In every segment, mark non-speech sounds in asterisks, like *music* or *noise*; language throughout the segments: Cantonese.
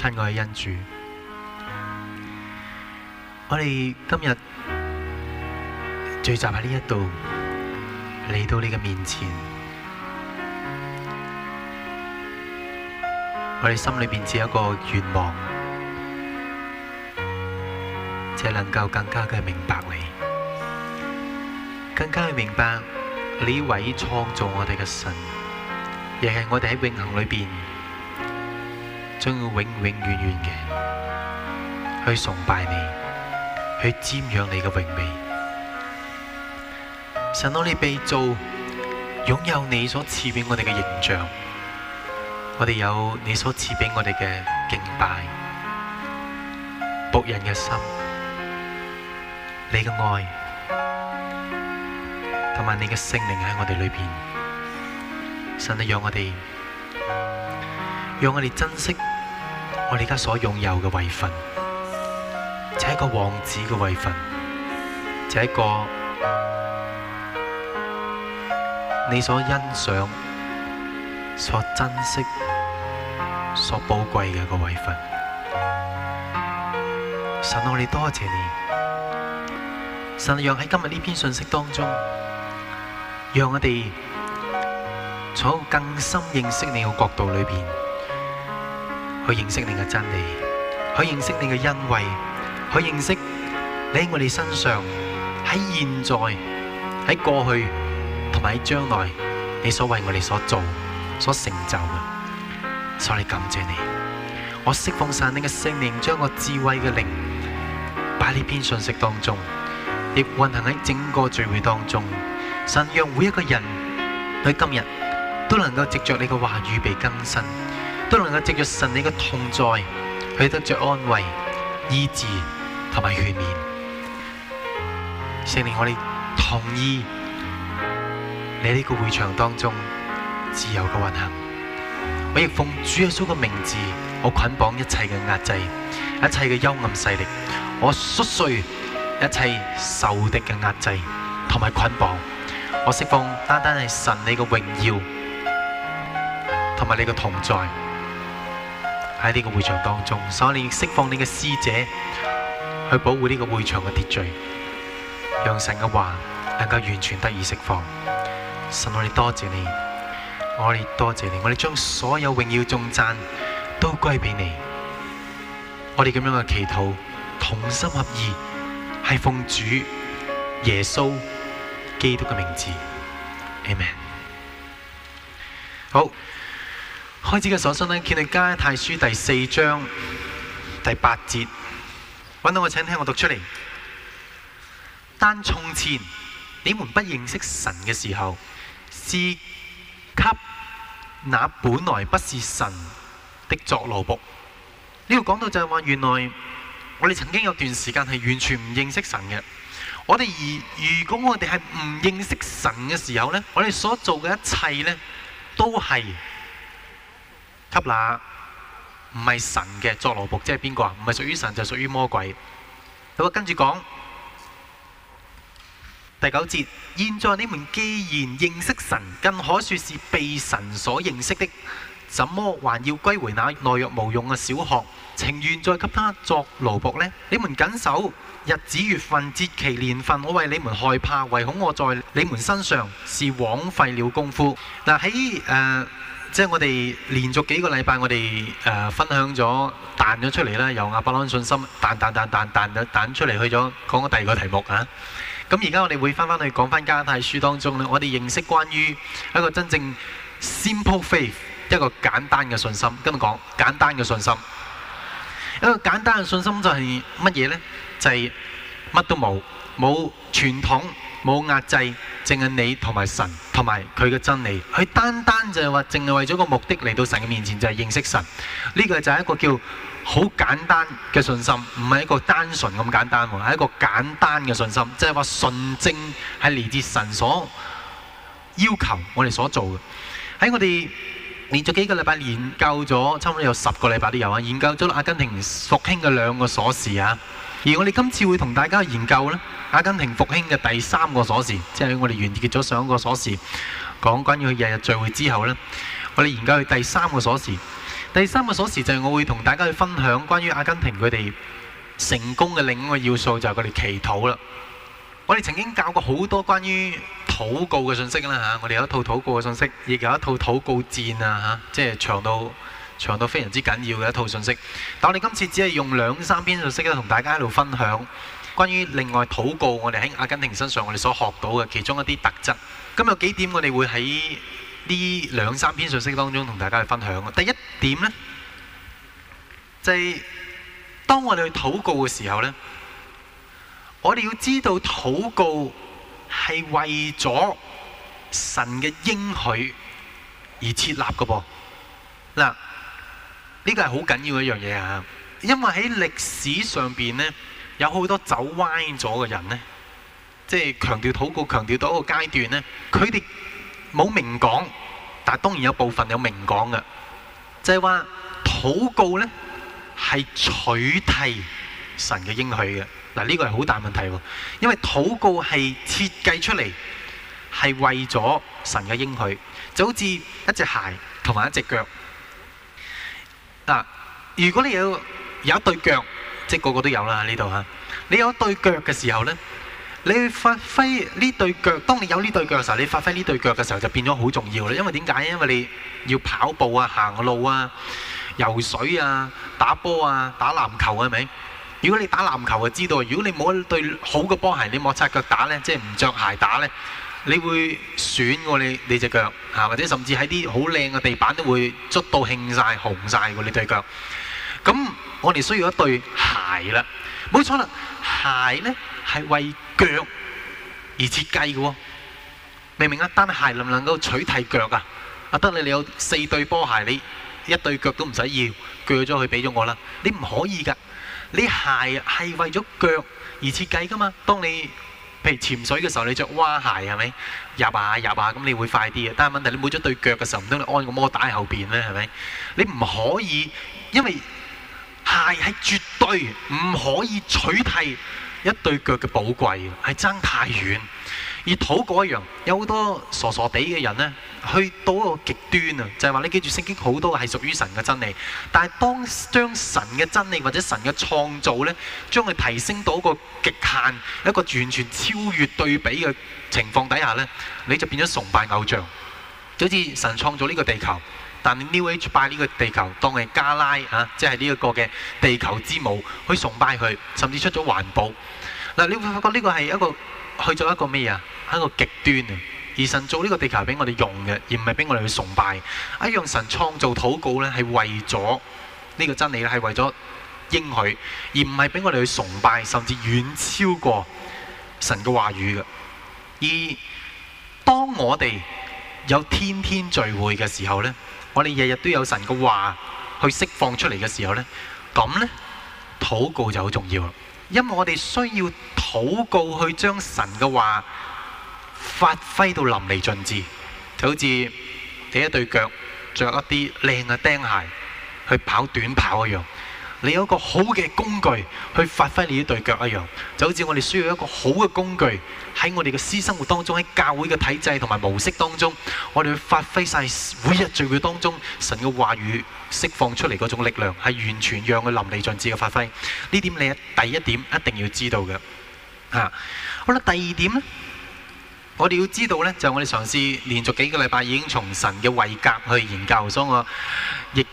親愛的恩主，我哋今日聚集喺呢一度嚟到你嘅面前，我哋心裏邊只有一個願望，就係能夠更加嘅明白你，更加嘅明白你位創造我哋嘅神，亦係我哋喺永恆裏邊。將要永永遠遠嘅去崇拜你，去瞻仰你嘅榮美。神啊，我哋被造擁有你所賜俾我哋嘅形象，我哋有你所賜俾我哋嘅敬拜，僕人嘅心，你嘅愛，同埋你嘅聖靈喺我哋裏邊。神啊，你讓我哋讓我哋珍惜。我而家所擁有嘅位份，就係一個王子嘅位份，就係一個你所欣賞、所珍惜、所寶貴嘅一個位份。神我哋多謝、謝你，神讓喺今日呢篇信息當中，讓我哋從更深認識你嘅角度裏邊。去認識你嘅真理，去認識你嘅恩惠，去認識你喺我哋身上，喺現在、喺過去同埋喺將來，你所為我哋所做、所成就嘅，所以感謝你。我釋放神，你嘅聖靈將我智慧嘅靈擺呢篇信息當中，亦運行喺整個聚會當中，神讓每一個人喺今日都能夠藉着你嘅話預備更新。都能夠借着神你嘅同在，去得着安慰、醫治同埋赦免，聖靈我哋同意你呢個會場當中自由嘅運行。我亦奉主耶穌嘅名字，我捆綁一切嘅壓制、一切嘅幽暗勢力，我摔碎一切仇敵嘅壓制同埋捆綁，我釋放單單係神你嘅榮耀同埋你嘅同在。喺呢個會場當中，所以你釋放你嘅使者，去保護呢個會場嘅秩序，讓神嘅話能夠完全得以釋放。神我哋多謝你，我哋多謝你，我哋將所有榮耀頌讚都歸俾你。我哋咁樣嘅祈禱同心合意，係奉主耶穌基督嘅名字。Amen。好。開始嘅所信呢，見你加拉太書第四章第八節，揾到我，請聽我讀出嚟。但從前你們不認識神嘅時候，是給那本來不是神的作奴僕。呢度講到就係話，原來我哋曾經有段時間係完全唔認識神嘅。我哋如，如果我哋係唔認識神嘅時候咧，我哋所做嘅一切咧，都係。給那唔係神嘅作奴僕，即係邊個啊？唔係屬於神就屬、是、於魔鬼。好，跟住講第九節。現在你們既然認識神，更可說是被神所認識的，怎麼還要歸回那懦弱無用嘅小學，情願再給他作奴僕呢？你們謹守日子、月份、節期、年份，我為你們害怕，唯恐我在你們身上是枉費了功夫。嗱，喺、呃、誒。即係我哋連續幾個禮拜，我哋誒分享咗彈咗出嚟啦，由亞伯拉罕信心彈彈彈彈彈彈出嚟去咗講個第二個題目啊。咁而家我哋會翻翻去講翻加太書當中咧，我哋認識關於一個真正 simple faith 一個簡單嘅信心，今日講簡單嘅信心。一個簡單嘅信心就係乜嘢咧？就係乜都冇，冇傳統。冇壓制，淨係你同埋神同埋佢嘅真理，佢單單就係話，淨係為咗個目的嚟到神嘅面前，就係、是、認識神。呢、這個就係一個叫好簡單嘅信心，唔係一個單純咁簡單，係一個簡單嘅信心，即係話信正係嚟自神所要求我哋所做嘅。喺我哋連續幾個禮拜研究咗，差唔多有十個禮拜都有啊。研究咗阿根廷復興嘅兩個鎖匙啊。而我哋今次會同大家去研究呢，阿根廷復興嘅第三個鎖匙，即係我哋完結咗上一個鎖匙，講關於佢日日聚會之後呢，我哋研究佢第三個鎖匙。第三個鎖匙就係我會同大家去分享關於阿根廷佢哋成功嘅另一個要素，就係佢哋祈禱啦。我哋曾經教過好多關於禱告嘅信息啦嚇，我哋有一套禱告嘅信息，亦有一套禱告戰啊嚇，即係長到長到非常之緊要嘅一套信息，但係我哋今次只係用兩三篇信息咧，同大家喺度分享關於另外禱告。我哋喺阿根廷身上，我哋所學到嘅其中一啲特質。噉有幾點我哋會喺呢兩三篇信息當中同大家去分享？第一點咧，就係當我哋去禱告嘅時候咧，我哋要知道禱告係為咗神嘅應許而設立嘅噃。嗱。呢個係好緊要一樣嘢啊！因為喺歷史上邊呢，有好多走歪咗嘅人呢，即係強調禱告，強調到一個階段呢，佢哋冇明講，但係當然有部分有明講嘅，就係話禱告呢係取替神嘅應許嘅。嗱，呢個係好大問題喎，因為禱告係設計出嚟係為咗神嘅應許，就好似一隻鞋同埋一隻腳。嗱，如果你有有一對腳，即係個個都有啦呢度嚇。你有一對腳嘅時候呢，你去發揮呢對腳。當你有呢對腳嘅時候，你發揮呢對腳嘅時候就變咗好重要啦。因為點解？因為你要跑步啊、行路啊、游水啊、打波啊、打籃球啊，係咪？如果你打籃球就知道。如果你冇對好嘅波鞋，你冇擦腳打呢，即係唔着鞋打呢。你會損我、啊、你你隻腳嚇、啊，或者甚至喺啲好靚嘅地板都會捉到興晒、紅晒喎，你對腳。咁我哋需要一對鞋啦，冇錯啦，鞋呢係為腳而設計嘅喎、哦，明唔明啊？單鞋能唔能夠取替腳啊？啊得啦，你有四對波鞋，你一對腳都唔使要，鋸咗佢俾咗我啦。你唔可以噶，你鞋係為咗腳而設計噶嘛。當你譬如潛水嘅時候，你着蛙鞋係咪入下、啊、入下、啊、咁，你會快啲啊！但係問題你冇咗對腳嘅時候，唔通你安個摩打喺後邊咧係咪？你唔可以，因為鞋係絕對唔可以取替一對腳嘅寶貴，係爭太遠。而土果一樣，有好多傻傻地嘅人呢，去到一個極端啊，就係、是、話你記住，聖經好多係屬於神嘅真理。但係當將神嘅真理或者神嘅創造呢，將佢提升到一個極限，一個完全超越對比嘅情況底下呢，你就變咗崇拜偶像。就好似神創造呢個地球，但你 New Age 拜呢個地球當係加拉啊，即係呢一個嘅地球之母去崇拜佢，甚至出咗環保。嗱，你會發覺呢個係一個去咗一個咩啊？係個極端啊！而神做呢個地球俾我哋用嘅，而唔係俾我哋去崇拜。啊，用神創造禱告咧，係為咗呢個真理，係為咗應許，而唔係俾我哋去崇拜，甚至遠超過神嘅話語嘅。而當我哋有天天聚會嘅時候呢，我哋日日都有神嘅話去釋放出嚟嘅時候呢，咁呢禱告就好重要啦。因為我哋需要禱告去將神嘅話。發揮到淋漓盡致，就好似你一對腳着一啲靚嘅釘鞋去跑短跑一樣，你有一個好嘅工具去發揮你呢對腳一樣，就好似我哋需要一個好嘅工具喺我哋嘅私生活當中，喺教會嘅體制同埋模式當中，我哋去發揮晒每日聚會當中神嘅話語釋放出嚟嗰種力量，係完全讓佢淋漓盡致嘅發揮。呢點你第一點一定要知道嘅。啊，好啦，第二點呢。我哋要知道咧，就係、我哋嘗試連續幾個禮拜已經從神嘅位格去研究，所以我亦第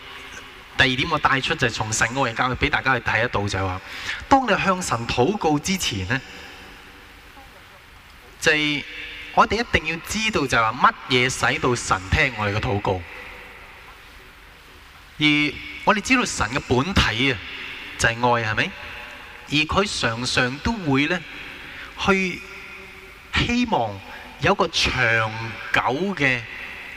二點我帶出就係從神嘅位格去俾大家去睇得到，就係、是、話，當你向神禱告之前咧，就係、是、我哋一定要知道就係話乜嘢使到神聽我哋嘅禱告。而我哋知道神嘅本體啊，就係、是、愛，係咪？而佢常常都會咧，去希望。有個長久嘅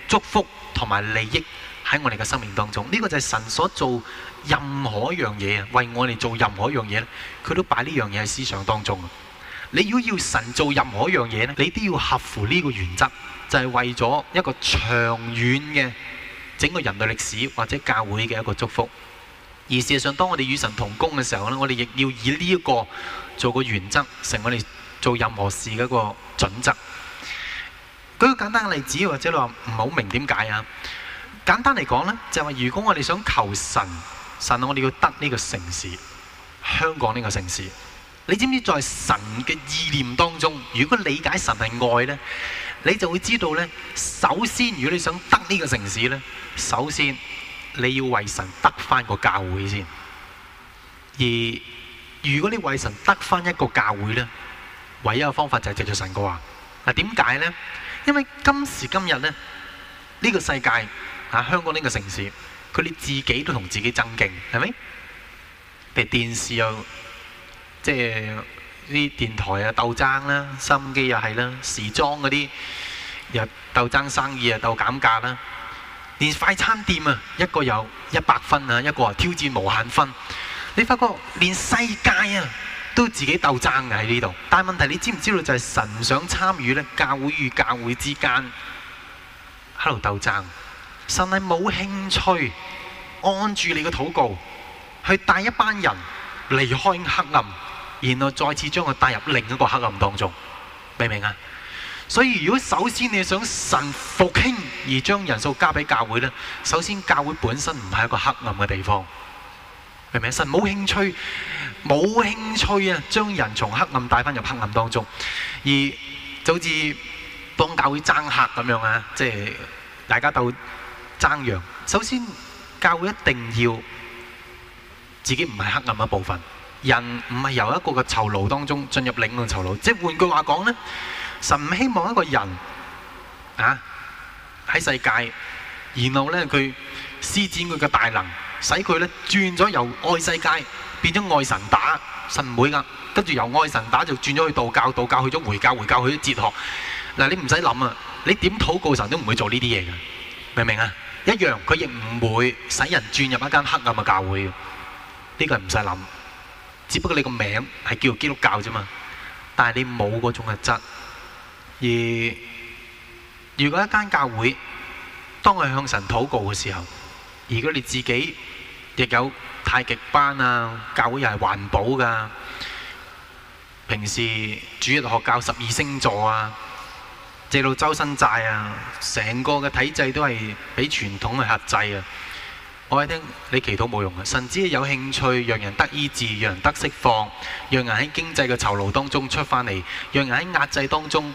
祝福同埋利益喺我哋嘅生命當中，呢個就係神所做任何一樣嘢啊，為我哋做任何一樣嘢咧，佢都擺呢樣嘢喺思想當中啊。你要要神做任何一樣嘢咧，你都要合乎呢個原則，就係為咗一個長遠嘅整個人類歷史或者教會嘅一個祝福。而事實上，當我哋與神同工嘅時候咧，我哋亦要以呢一個做個原則，成我哋做任何事嘅一個準則。舉個簡單嘅例子，或者你話唔係好明點解啊？簡單嚟講呢，就係話，如果我哋想求神，神我哋要得呢個城市，香港呢個城市，你知唔知？在神嘅意念當中，如果理解神係愛呢，你就會知道呢。首先，如果你想得呢個城市呢，首先你要為神得翻個教會先。而如果你為神得翻一個教會呢，唯一嘅方法就係借着神嘅話嗱，點解呢？因為今時今日咧，呢個世界啊，香港呢個城市，佢哋自己都同自己爭勁，係咪？譬如電視又，即係啲電台啊鬥爭啦，心機又係啦，時裝嗰啲又鬥爭生意啊，鬥減價啦，連快餐店啊，一個有一百分啊，一個係挑戰無限分，你發覺連世界啊～都自己鬥爭嘅喺呢度，但係問題你知唔知道就係神唔想參與咧？教會與教會之間喺度鬥爭，神係冇興趣按住你嘅禱告去帶一班人離開黑暗，然後再次將佢帶入另一個黑暗當中，明唔明啊？所以如果首先你想神復興而將人數交俾教會咧，首先教會本身唔係一個黑暗嘅地方。係咪啊？神冇興趣，冇興趣啊！將人從黑暗帶翻入黑暗當中，而就好似幫教會爭客咁樣啊！即係大家都爭羊。首先，教會一定要自己唔係黑暗一部分。人唔係由一個嘅囚牢當中進入領嘅囚牢。即係換句話講咧，神唔希望一個人啊喺世界，然後咧佢施展佢嘅大能。使佢咧轉咗由愛世界變咗愛神打神唔會㗎，跟住由愛神打就轉咗去道教，道教去咗回教，回教去咗哲學。嗱，你唔使諗啊，你點禱告神都唔會做呢啲嘢㗎，明唔明啊？一樣，佢亦唔會使人轉入一間黑暗嘅教會。呢個唔使諗，只不過你個名係叫基督教啫嘛，但係你冇嗰種嘅質。而如果一間教會當佢向神禱告嘅時候，而如果你自己，亦有太極班啊，教會又係環保噶，啊，平時主日學教十二星座啊，借到周身債啊，成個嘅體制都係俾傳統去壓制啊！我一聽你祈禱冇用啊，神只係有興趣讓，讓人得醫治，讓人得釋放，讓人喺經濟嘅酬勞當中出翻嚟，讓人喺壓制當中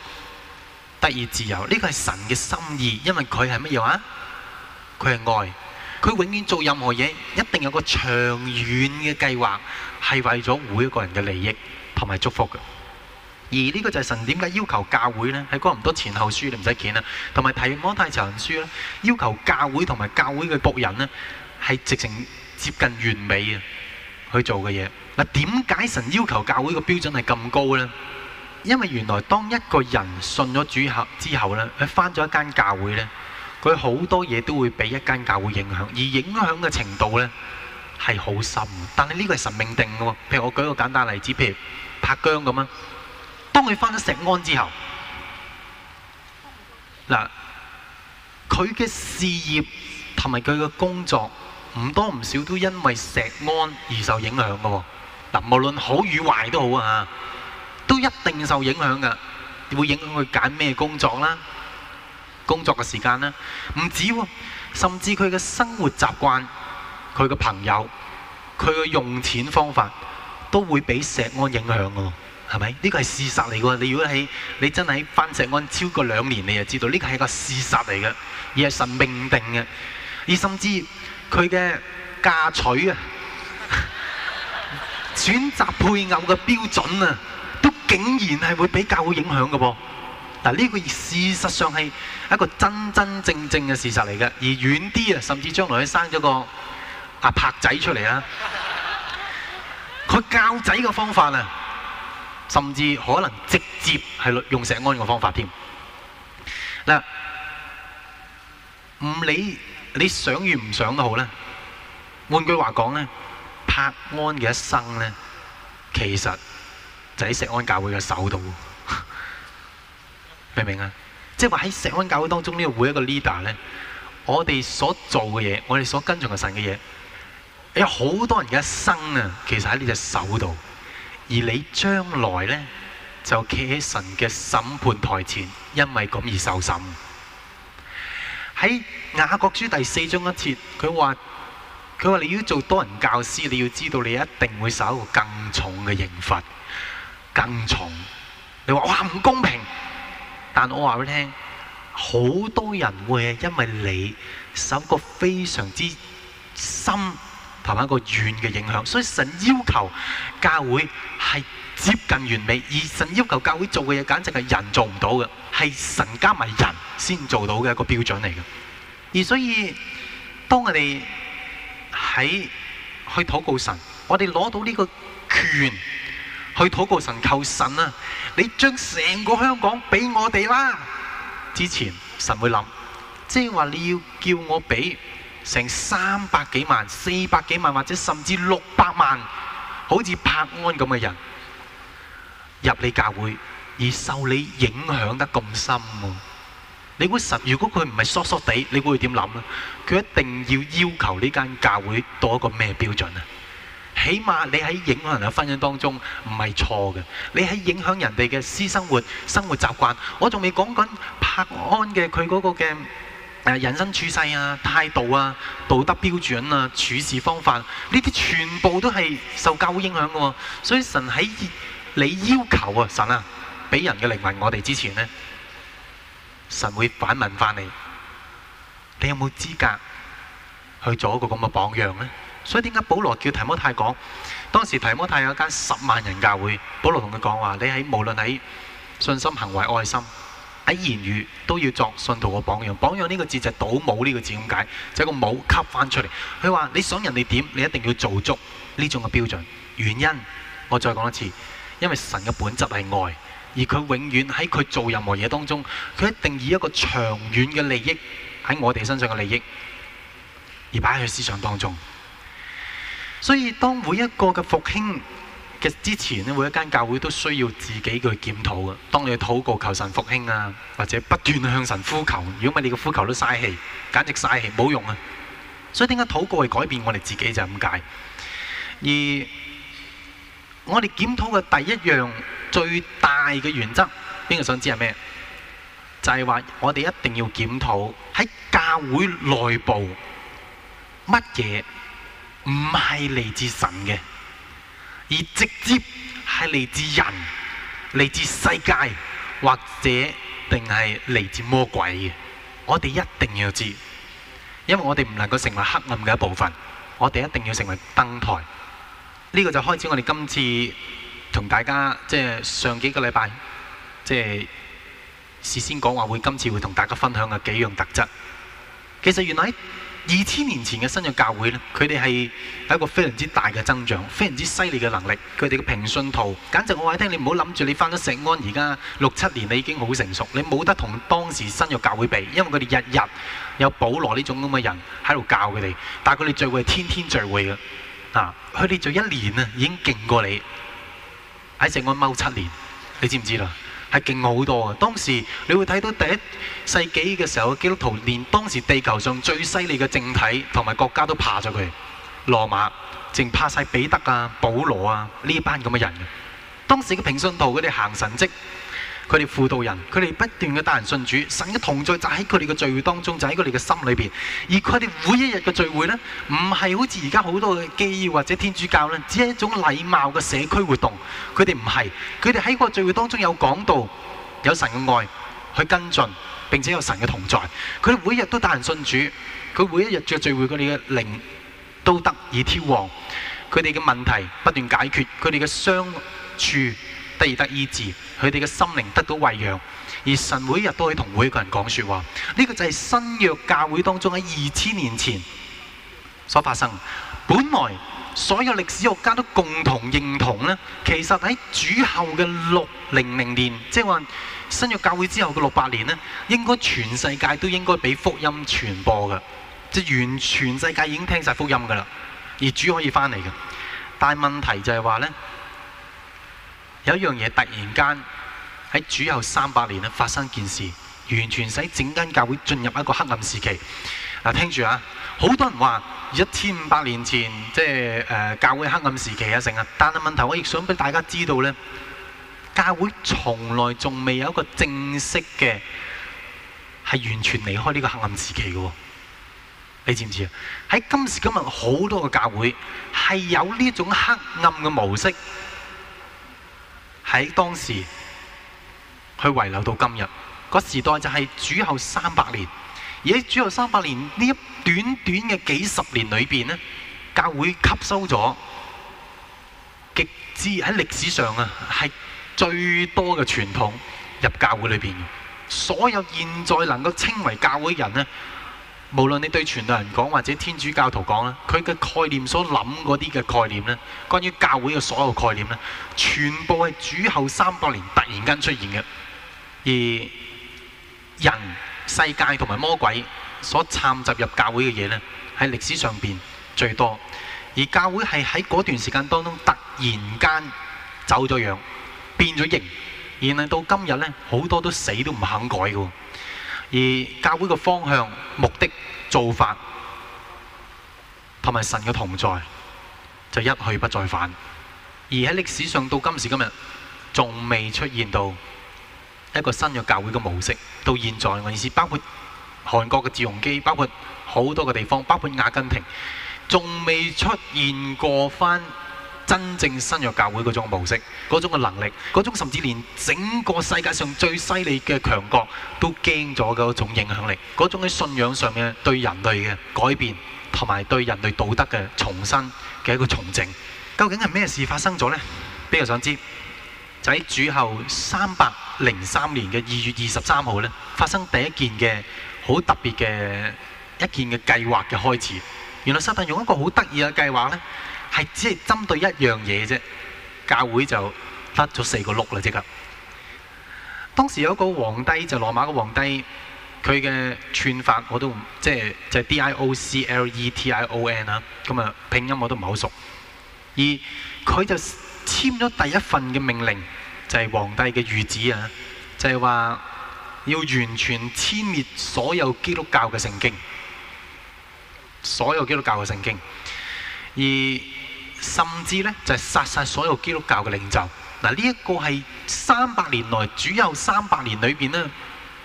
得以自由。呢個係神嘅心意，因為佢係乜嘢話？佢係愛。佢永遠做任何嘢，一定有個長遠嘅計劃，係為咗每一個人嘅利益同埋祝福嘅。而呢個就係神點解要求教會呢？喺哥林多前後書你唔使見啦，同埋提摩太前書咧，要求教會同埋教會嘅僕人呢，係直情接近完美嘅去做嘅嘢。嗱，點解神要求教會嘅標準係咁高呢？因為原來當一個人信咗主客之後呢，佢翻咗一間教會呢。佢好多嘢都會俾一間教會影響，而影響嘅程度呢，係好深。但係呢個係神命定㗎喎。譬如我舉一個簡單例子，譬如柏姜咁啊，當佢翻咗石安之後，嗱，佢嘅事業同埋佢嘅工作唔多唔少都因為石安而受影響㗎喎。嗱，無論好與壞都好啊，都一定受影響㗎，會影響佢揀咩工作啦。工作嘅時間呢，唔止喎、哦，甚至佢嘅生活習慣、佢嘅朋友、佢嘅用錢方法，都會俾石安影響喎、哦，係咪？呢個係事實嚟嘅喎。你如果喺你真係返石安超過兩年，你就知道呢個係個事實嚟嘅，而係神命定嘅，而甚至佢嘅嫁娶啊， *laughs* 選擇配偶嘅標準啊，都竟然係會俾教會影響嘅噃、哦。嗱，呢個事實上係一個真真正正嘅事實嚟嘅，而遠啲啊，甚至將來生咗個阿、啊、柏仔出嚟啦，佢教仔嘅方法啊，甚至可能直接係用石安嘅方法添。嗱，唔理你想與唔想都好啦。換句話講咧，柏安嘅一生咧，其實就喺石安教會嘅手度。明唔明啊？即係話喺石安教會當中呢個每一個 leader 咧，我哋所做嘅嘢，我哋所跟從嘅神嘅嘢，有好多人嘅一生啊，其實喺呢隻手度，而你將來咧就企喺神嘅審判台前，因為咁而受審。喺雅各書第四章一節，佢話佢話，你要做多人教師，你要知道你一定會受一個更重嘅刑罰，更重。你話哇唔公平？但我話俾你聽，好多人會係因為你受一個非常之深、同埋一個怨嘅影響，所以神要求教會係接近完美，而神要求教會做嘅嘢，簡直係人做唔到嘅，係神加埋人先做到嘅一個標準嚟嘅。而所以，當我哋喺去禱告神，我哋攞到呢個權。去禱告神，求神啊！你將成個香港俾我哋啦！之前神會諗，即係話你要叫我俾成三百幾萬、四百幾萬或者甚至六百萬，好似柏安咁嘅人入你教會，而受你影響得咁深喎。你估神？如果佢唔係疏疏地，你估會點諗啊？佢一定要要求呢間教會到一個咩標準啊？起碼你喺影響人嘅婚姻當中唔係錯嘅，你喺影響人哋嘅私生活、生活習慣。我仲未講緊柏安嘅佢嗰個嘅人生處世啊、態度啊、道德標準啊、處事方法呢啲全部都係受教會影響嘅。所以神喺你要求啊，神啊俾人嘅靈魂我哋之前呢，神會反問翻你：你有冇資格去做一個咁嘅榜樣呢？」所以點解保羅叫提摩太講？當時提摩太有一間十萬人教會，保羅同佢講話：你喺無論喺信心、行為、愛心、喺言語，都要作信徒嘅榜樣。榜樣呢個字就係倒冇呢個字，噉解就係個冇吸翻出嚟。佢話：你想人哋點，你一定要做足呢種嘅標準。原因我再講一次，因為神嘅本質係愛，而佢永遠喺佢做任何嘢當中，佢一定以一個長遠嘅利益喺我哋身上嘅利益而擺喺佢思想當中。所以，當每一個嘅復興嘅之前咧，每一間教會都需要自己去檢討嘅。當你去禱告求神復興啊，或者不斷向神呼求，如果唔係你個呼求都嘥氣，簡直嘥氣，冇用啊！所以點解禱告係改變我哋自己就係咁解。而我哋檢討嘅第一樣最大嘅原則，邊個想知係咩？就係、是、話我哋一定要檢討喺教會內部乜嘢。唔係嚟自神嘅，而直接係嚟自人、嚟自世界或者定係嚟自魔鬼嘅。我哋一定要知，因為我哋唔能夠成為黑暗嘅一部分，我哋一定要成為燈台。呢個就開始我哋今次同大家即係上幾個禮拜即係事先講話會，今次會同大家分享嘅幾樣特質。其實原來。二千年前嘅新約教會咧，佢哋係一個非常之大嘅增長，非常之犀利嘅能力。佢哋嘅平信徒，簡直我話你聽，唔好諗住你翻咗錫安，而家六七年你已經好成熟，你冇得同當時新約教會比，因為佢哋日日有保羅呢種咁嘅人喺度教佢哋。但係佢哋聚會係天天聚會嘅，啊！佢哋聚一年啊，已經勁過你喺錫安踎七年，你知唔知啦？係勁好多啊！當時你會睇到第一世紀嘅時候，基督徒連當時地球上最犀利嘅政體同埋國家都怕咗佢。羅馬淨怕晒彼得啊、保羅啊呢班咁嘅人。當時嘅平信徒佢哋行神蹟。佢哋輔導人，佢哋不斷嘅帶人信主，神嘅同在就喺佢哋嘅聚會當中，就喺佢哋嘅心裏邊。而佢哋每一日嘅聚會呢，唔係好似而家好多嘅基要或者天主教呢，只係一種禮貌嘅社區活動。佢哋唔係，佢哋喺個聚會當中有講道，有神嘅愛去跟進，並且有神嘅同在。佢哋每一日都帶人信主，佢每一日嘅聚會佢哋嘅靈都得以挑旺。佢哋嘅問題不斷解決，佢哋嘅相處，得以得醫治，佢哋嘅心靈得到喂養，而神每日都可以同每個人講說話。呢、呢個就係新約教會當中喺二千年前所發生。本來所有歷史學家都共同認同咧，其實喺主後嘅六零零年，即係話新約教會之後嘅六百年咧，應該全世界都應該俾福音傳播嘅，即係全世即全世界已經聽晒福音噶啦，而主可以翻嚟嘅。但係問題就係話咧。有一樣嘢突然間喺主後三百年啊發生件事，完全使整間教會進入一個黑暗時期。嗱，聽住啊，好多人話一千五百年前即係誒、呃、教會黑暗時期啊，成日，但係問題我亦想俾大家知道呢，教會從來仲未有一個正式嘅係完全離開呢個黑暗時期嘅喎。你知唔知啊？喺今時今日好多個教會係有呢種黑暗嘅模式。喺當時，佢遺留到今日，個時代就係主後三百年。而喺主後三百年呢一短短嘅幾十年裏邊呢，教會吸收咗極之喺歷史上啊，係最多嘅傳統入教會裏邊。所有現在能夠稱為教會嘅人咧。無論你對傳道人講或者天主教徒講啦，佢嘅概念所諗嗰啲嘅概念咧，關於教會嘅所有概念咧，全部係主後三百年突然間出現嘅，而人、世界同埋魔鬼所摻雜入教會嘅嘢咧，喺歷史上邊最多，而教會係喺嗰段時間當中突然間走咗樣、變咗形，而嚟到今日咧，好多都死都唔肯改嘅。而教會嘅方向、目的、做法同埋神嘅同在，就一去不再返。而喺歷史上到今時今日，仲未出現到一個新嘅教會嘅模式。到現在，我意思包括韓國嘅自容基，包括好多嘅地方，包括阿根廷，仲未出現過返。真正新約教會嗰種模式、嗰種嘅能力、嗰種甚至連整個世界上最犀利嘅強國都驚咗嘅嗰種影響力、嗰種喺信仰上面對人類嘅改變同埋對人類道德嘅重生嘅一個重整，究竟係咩事發生咗呢？比較想知，就喺主後三百零三年嘅二月二十三號呢，發生第一件嘅好特別嘅一件嘅計劃嘅開始。原來撒但用一個好得意嘅計劃呢。係只係針對一樣嘢啫，教會就得咗四個轆啦，即係咁。當時有一個皇帝就羅、是、馬個皇帝，佢嘅串法我都即係就係、是就是、d i o c l e t i o n 啦，咁啊拼音我都唔係好熟。而佢就簽咗第一份嘅命令，就係、是、皇帝嘅御旨啊，就係、是、話要完全殲滅所有基督教嘅聖經，所有基督教嘅聖經，而甚至咧就係殺晒所有基督教嘅領袖，嗱呢一個係三百年來，主有三百年裏邊呢，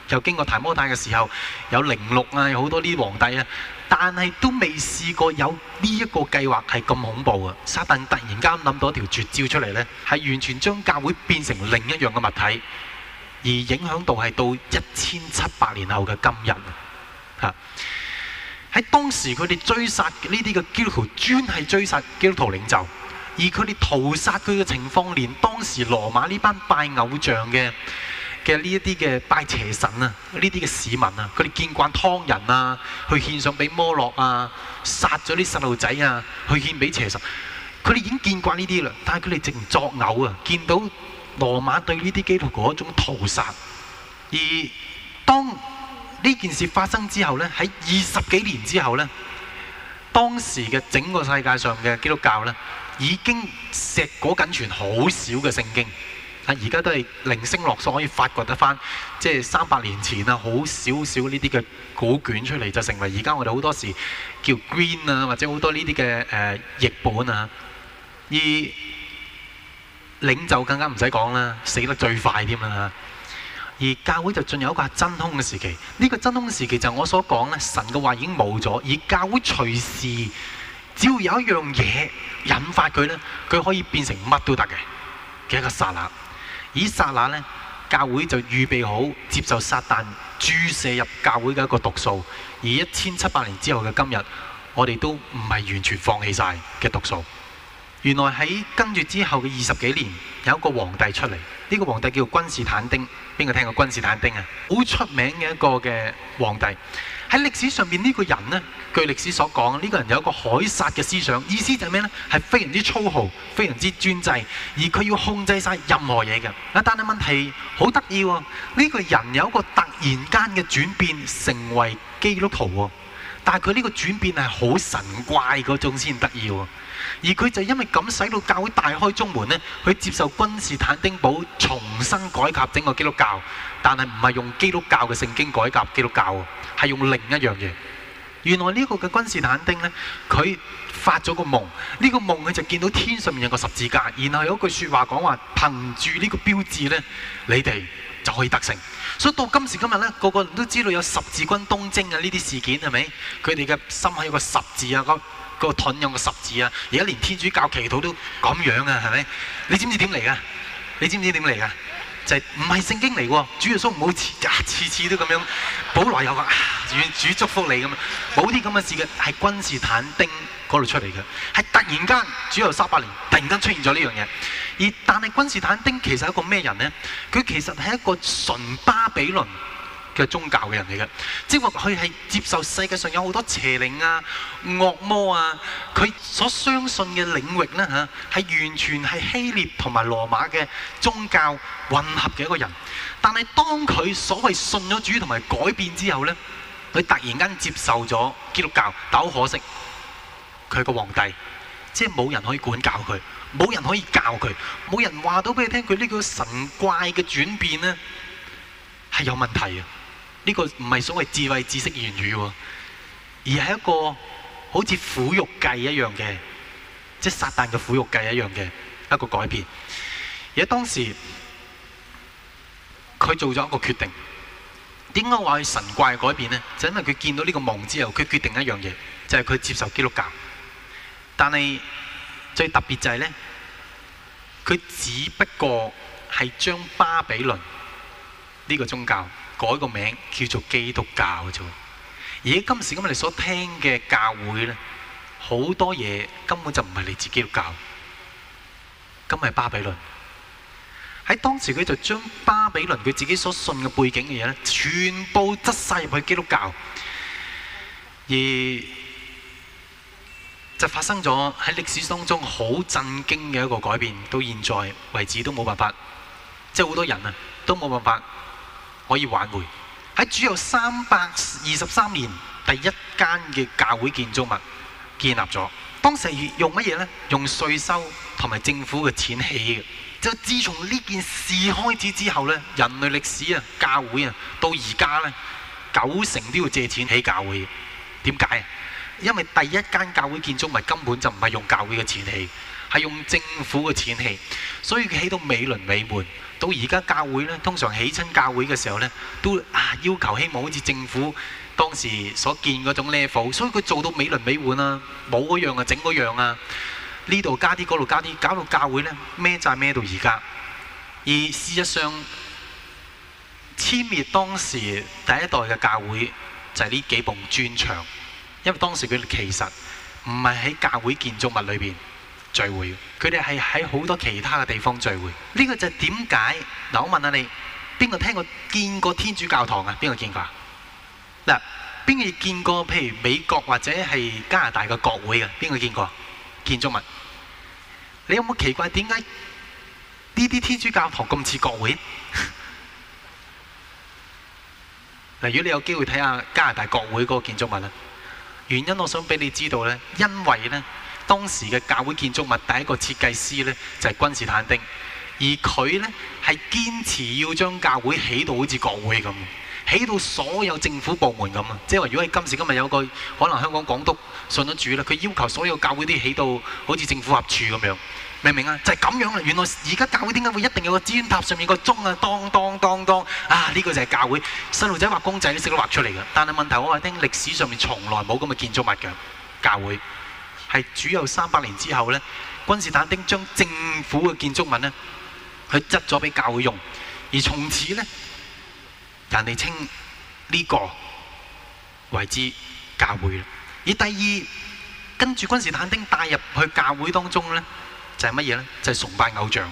有經過太摩太嘅時候，有零六啊，有好多啲皇帝啊，但係都未試過有呢一個計劃係咁恐怖嘅，撒旦突然間諗到一條絕招出嚟呢，係完全將教會變成另一樣嘅物體，而影響到係到一千七百年後嘅今日。喺當時佢哋追殺呢啲嘅基督徒，專係追殺基督徒領袖，而佢哋屠殺佢嘅情況，連當時羅馬呢班拜偶像嘅嘅呢一啲嘅拜邪神啊，呢啲嘅市民啊，佢哋見慣劏人啊，去獻上俾摩洛啊，殺咗啲細路仔啊，去獻俾邪神，佢哋已經見慣呢啲啦，但係佢哋仲作嘔啊！見到羅馬對呢啲基督徒一種屠殺，而當。呢件事發生之後呢，喺二十幾年之後呢，當時嘅整個世界上嘅基督教呢，已經石果僅存好少嘅聖經，啊而家都係零星落索可以發掘得返，即係三百年前啊，好少少呢啲嘅古卷出嚟，就成為而家我哋好多時叫 green 啊，或者好多呢啲嘅誒譯本啊，而領袖更加唔使講啦，死得最快添啊！而教會就進入一個真空嘅時期，呢個真空時期就我所講咧，神嘅話已經冇咗，而教會隨時只要有一樣嘢引發佢咧，佢可以變成乜都得嘅嘅一個剎那。而剎那咧，教會就預備好接受撒旦注射入教會嘅一個毒素，而一千七百年之後嘅今日，我哋都唔係完全放棄晒嘅毒素。原來喺跟住之後嘅二十幾年，有一個皇帝出嚟。呢個皇帝叫做君士坦丁，邊個聽過君士坦丁啊？好出名嘅一個嘅皇帝。喺歷史上面，呢個人呢，據歷史所講，呢個人有一個海撒嘅思想，意思就係咩呢？係非常之粗豪，非常之專制，而佢要控制晒任何嘢嘅。但係問題好得意，呢個人有一個突然間嘅轉變，成為基督徒。但係佢呢個轉變係好神怪嗰種先得意。而佢就因為咁使到教會大開中門呢，佢接受君士坦丁堡重新改革整個基督教，但係唔係用基督教嘅聖經改革基督教，係用另一樣嘢。原來呢個嘅君士坦丁呢，佢發咗個夢，呢個夢佢就見到天上面有個十字架，然後有一句說話講話憑住呢個標誌呢，你哋就可以得勝。所以到今時今日咧，個個人都知道有十字軍東征啊，呢啲事件係咪？佢哋嘅心係有個十字啊個個盾有個十字啊！而家連天主教祈禱都咁樣啊，係咪？你知唔知點嚟噶？你知唔知點嚟噶？就係唔係聖經嚟喎？主耶穌唔好次次次都咁樣。保羅有話願主祝福你咁啊！冇啲咁嘅事嘅，係君士坦丁嗰度出嚟嘅，係突然間主後三百年突然間出現咗呢樣嘢。而但係君士坦丁其實係一個咩人呢？佢其實係一個純巴比倫。嘅宗教嘅人嚟嘅，即係話佢係接受世界上有好多邪靈啊、惡魔啊，佢所相信嘅領域呢吓，係完全係希臘同埋羅馬嘅宗教混合嘅一個人。但係當佢所謂信咗主同埋改變之後呢，佢突然間接受咗基督教，但係好可惜，佢係個皇帝，即係冇人可以管教佢，冇人可以教佢，冇人話到俾佢聽佢呢個神怪嘅轉變呢，係有問題嘅。呢個唔係所謂智慧知識言語喎，而係一個好似苦肉計一樣嘅，即係撒但嘅苦肉計一樣嘅一個改變。而喺當時，佢做咗一個決定，點解話佢神怪嘅改變咧？就因為佢見到呢個夢之後，佢決定一樣嘢，就係佢接受基督教。但係最特別就係咧，佢只不過係將巴比倫呢個宗教，改個名叫做基督教啫。而家今時今日你所聽嘅教會咧，好多嘢根本就唔係嚟自基督教。咁咪巴比倫？喺當時佢就將巴比倫佢自己所信嘅背景嘅嘢咧，全部擠晒入去基督教。而就發生咗喺歷史當中好震驚嘅一個改變，到現在為止都冇辦法，即係好多人啊都冇辦法。可以挽回。喺主有三百二十三年，第一間嘅教會建築物建立咗，當時用乜嘢呢？用稅收同埋政府嘅錢起嘅。就自從呢件事開始之後呢，人類歷史啊，教會啊，到而家呢，九成都要借錢起教會。點解？因為第一間教會建築物根本就唔係用教會嘅錢起，係用政府嘅錢起，所以佢起到美輪美奐。到而家教會呢，通常起親教會嘅時候呢，都啊要求希望好似政府當時所建嗰種 level，所以佢做到美輪美奐啦、啊，冇嗰樣啊整嗰樣啊，呢度、啊、加啲嗰度加啲，搞到教會呢孭就係孭到而家。而事實上，殲滅當時第一代嘅教會就係、是、呢幾棟磚牆，因為當時佢其實唔係喺教會建築物裏邊。聚會，佢哋係喺好多其他嘅地方聚會。呢個就係點解？嗱，我問下你，邊個聽過見過天主教堂啊？邊個見過？嗱，邊個見過？譬如美國或者係加拿大嘅國會啊？邊個見過建築物？你有冇奇怪點解呢啲天主教堂咁似國會？嗱， *laughs* 如果你有機會睇下加拿大國會嗰個建築物啦。原因我想俾你知道咧，因為咧。當時嘅教會建築物第一個設計師呢，就係、是、君士坦丁，而佢呢，係堅持要將教會起到好似國會咁，起到所有政府部門咁啊！即係話，如果係今時今日有個可能香港港督信咗主啦，佢要求所有教會都起到好似政府合署咁樣，明唔明啊？就係、是、咁樣啦！原來而家教會點解會一定要有一個尖塔上面個鐘啊，當當當當啊！呢、這個就係教會。細路仔畫公仔都識得畫出嚟嘅，但係問題我話你聽，歷史上面從來冇咁嘅建築物嘅教會。係主有三百年之後咧，君士坦丁將政府嘅建築物咧，去執咗俾教會用，而從此咧，人哋稱呢個為之教會。而第二跟住君士坦丁帶入去教會當中咧，就係乜嘢咧？就係崇拜偶像，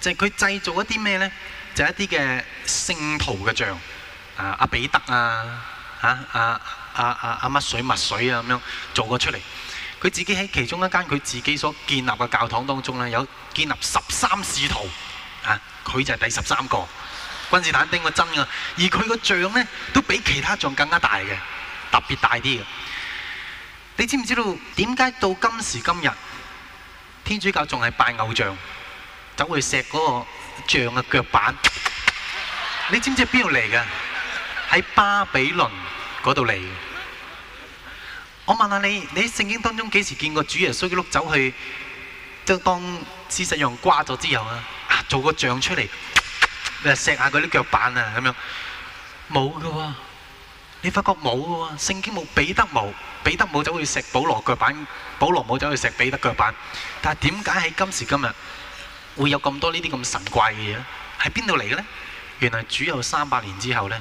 就係佢製造一啲咩咧？就係一啲嘅聖徒嘅像，啊阿彼得啊，啊啊啊啊乜水乜水啊，咁樣做過出嚟。佢自己喺其中一間佢自己所建立嘅教堂當中咧，有建立十三使徒，啊，佢就係第十三個。君士坦丁個真噶，而佢個像咧都比其他像更加大嘅，特別大啲嘅。你知唔知道點解到今時今日天主教仲係拜偶像，走去錫嗰個像嘅腳板？你知唔知邊度嚟嘅？喺巴比倫嗰度嚟。我問下你，你喺聖經當中幾時見過主耶穌一碌走去，就當事實上掛咗之後啊，做個像出嚟，嚟錫下嗰啲腳板啊咁樣？冇嘅喎，你發覺冇嘅喎，聖經冇彼得冇，彼得冇走去錫保羅腳板，保羅冇走去錫彼得腳板。但係點解喺今時今日會有咁多呢啲咁神怪嘅嘢？喺邊度嚟嘅咧？原來主有三百年之後咧，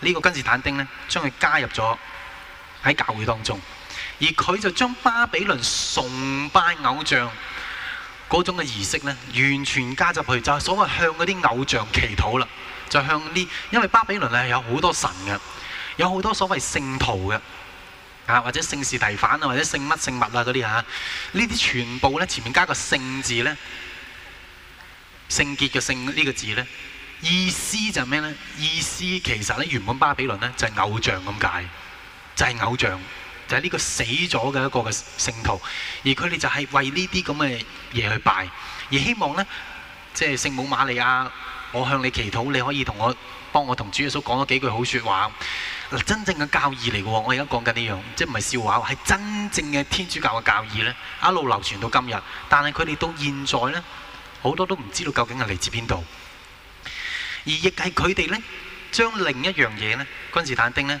呢個君士坦丁咧將佢加入咗喺教會當中。而佢就將巴比倫崇拜偶像嗰種嘅儀式呢，完全加入去，就係所謂向嗰啲偶像祈禱啦。就向呢，因為巴比倫咧有好多神嘅，有好多所謂聖徒嘅，啊或者聖士提反啊，或者聖乜聖物啊嗰啲啊，呢啲全部呢，前面加個聖字呢，聖潔嘅聖呢個字呢，意思就係咩呢？意思其實呢，原本巴比倫呢，就係偶像咁解，就係偶像。就係呢個死咗嘅一個嘅聖徒，而佢哋就係為呢啲咁嘅嘢去拜，而希望呢，即係聖母瑪利亞，我向你祈禱，你可以同我幫我同主耶穌講咗幾句好説話。嗱，真正嘅教義嚟嘅，我而家講緊呢樣，即係唔係笑話，係真正嘅天主教嘅教義呢，一路流傳到今日。但係佢哋到現在呢，好多都唔知道究竟係嚟自邊度，而亦係佢哋呢，將另一樣嘢呢，君士坦丁呢。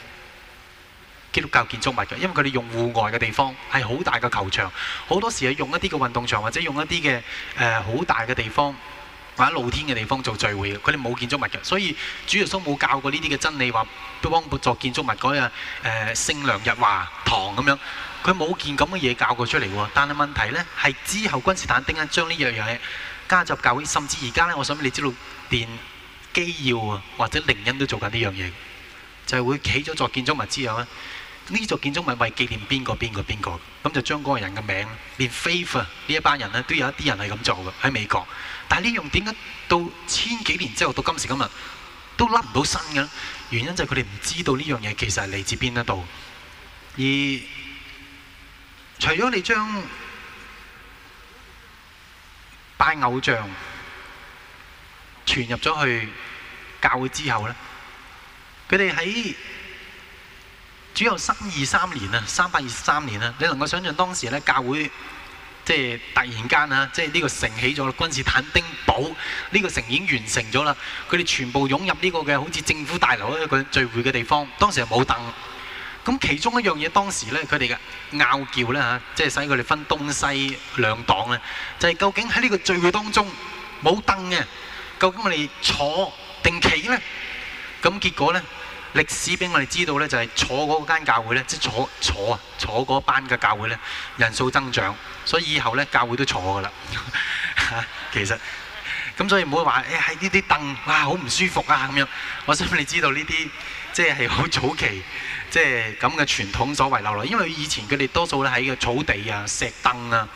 基督教建築物嘅，因為佢哋用戶外嘅地方係好大嘅球場，好多時係用一啲嘅運動場或者用一啲嘅誒好大嘅地方或者露天嘅地方做聚會嘅，佢哋冇建築物嘅，所以主耶穌冇教過呢啲嘅真理話都幫作建築物嗰日誒聖良日華堂咁樣，佢冇見咁嘅嘢教過出嚟喎。但係問題呢，係之後君士坦丁將呢樣嘢加進教會，甚至而家呢，我想你知道電機要啊或者靈恩都做緊呢樣嘢，就係、是、會起咗座建築物之後呢。呢座建築物為紀念邊個邊個邊個，咁就將嗰個人嘅名連飛傅呢一班人咧，都有一啲人係咁做嘅喺美國。但係呢樣點解到千幾年之後到今時今日都甩唔到身嘅咧？原因就係佢哋唔知道呢樣嘢其實係嚟自邊一度。而除咗你將拜偶像傳入咗去教會之後咧，佢哋喺只有三二三年啊，三百二十三年啊，你能夠想象當時咧，教會即係突然間啊，即係呢個城起咗，君士坦丁堡呢個城已經完成咗啦。佢哋全部湧入呢個嘅好似政府大樓一個聚會嘅地方。當時係冇凳。咁其中一樣嘢，當時咧佢哋嘅拗撬咧嚇，即係使佢哋分東西兩黨咧，就係究竟喺呢個聚會當中冇凳嘅，究竟我哋坐定企咧？咁結果咧？歷史俾我哋知道咧，就係坐嗰間教會咧，即係坐坐啊，坐嗰班嘅教會咧，人數增長，所以以後咧教會都坐噶啦。 *laughs* 其實，咁所以唔好話誒喺呢啲凳哇好唔舒服啊咁樣。我想你知道呢啲即係好早期即係咁嘅傳統所遺留落嚟，因為以前佢哋多數咧喺個草地啊、石凳啊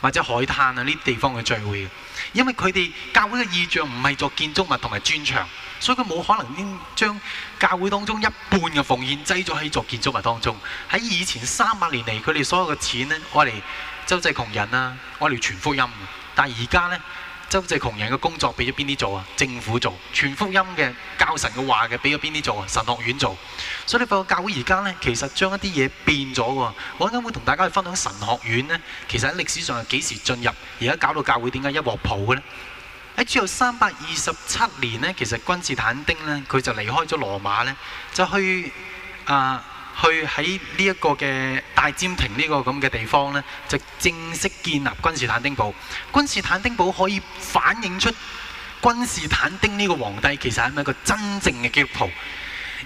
或者海灘啊呢地方嘅聚會，因為佢哋教會嘅意象唔係做建築物同埋磚牆。所以佢冇可能應將教會當中一半嘅奉獻擠咗喺座建築物當中。喺以前三百年嚟，佢哋所有嘅錢呢，我嚟周濟窮人啊，我嚟傳福音。但係而家呢，周濟窮人嘅工作俾咗邊啲做啊？政府做，傳福音嘅教神嘅話嘅俾咗邊啲做啊？神學院做。所以你發覺教會而家呢，其實將一啲嘢變咗喎。我啱啱會同大家去分享神學院呢，其實喺歷史上係幾時進入？而家搞到教會點解一鑊泡嘅咧？喺之後三百二十七年呢，其實君士坦丁呢，佢就離開咗羅馬呢，就去啊，去喺呢一個嘅拜占庭呢個咁嘅地方呢，就正式建立君士坦丁堡。君士坦丁堡可以反映出君士坦丁呢個皇帝其實係咪一個真正嘅基督徒？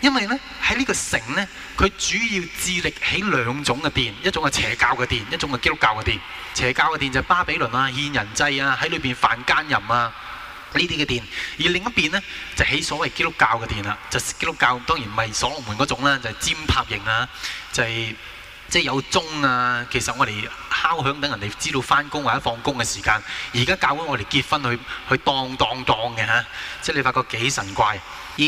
因為呢，喺呢個城呢，佢主要致力起兩種嘅殿，一種係邪教嘅殿，一種係基督教嘅殿。邪教嘅殿就巴比倫啊、獻人祭啊，喺裏邊犯奸淫啊。呢啲嘅殿，而另一邊呢，就起所謂基督教嘅殿啦，就係、基督教當然唔係所羅門嗰種啦，就係、尖塔型啊，就係即係有鐘啊。其實我哋敲響等人哋知道翻工或者放工嘅時間。而家教會我哋結婚去去當當當嘅嚇、啊，即係你發覺幾神怪。而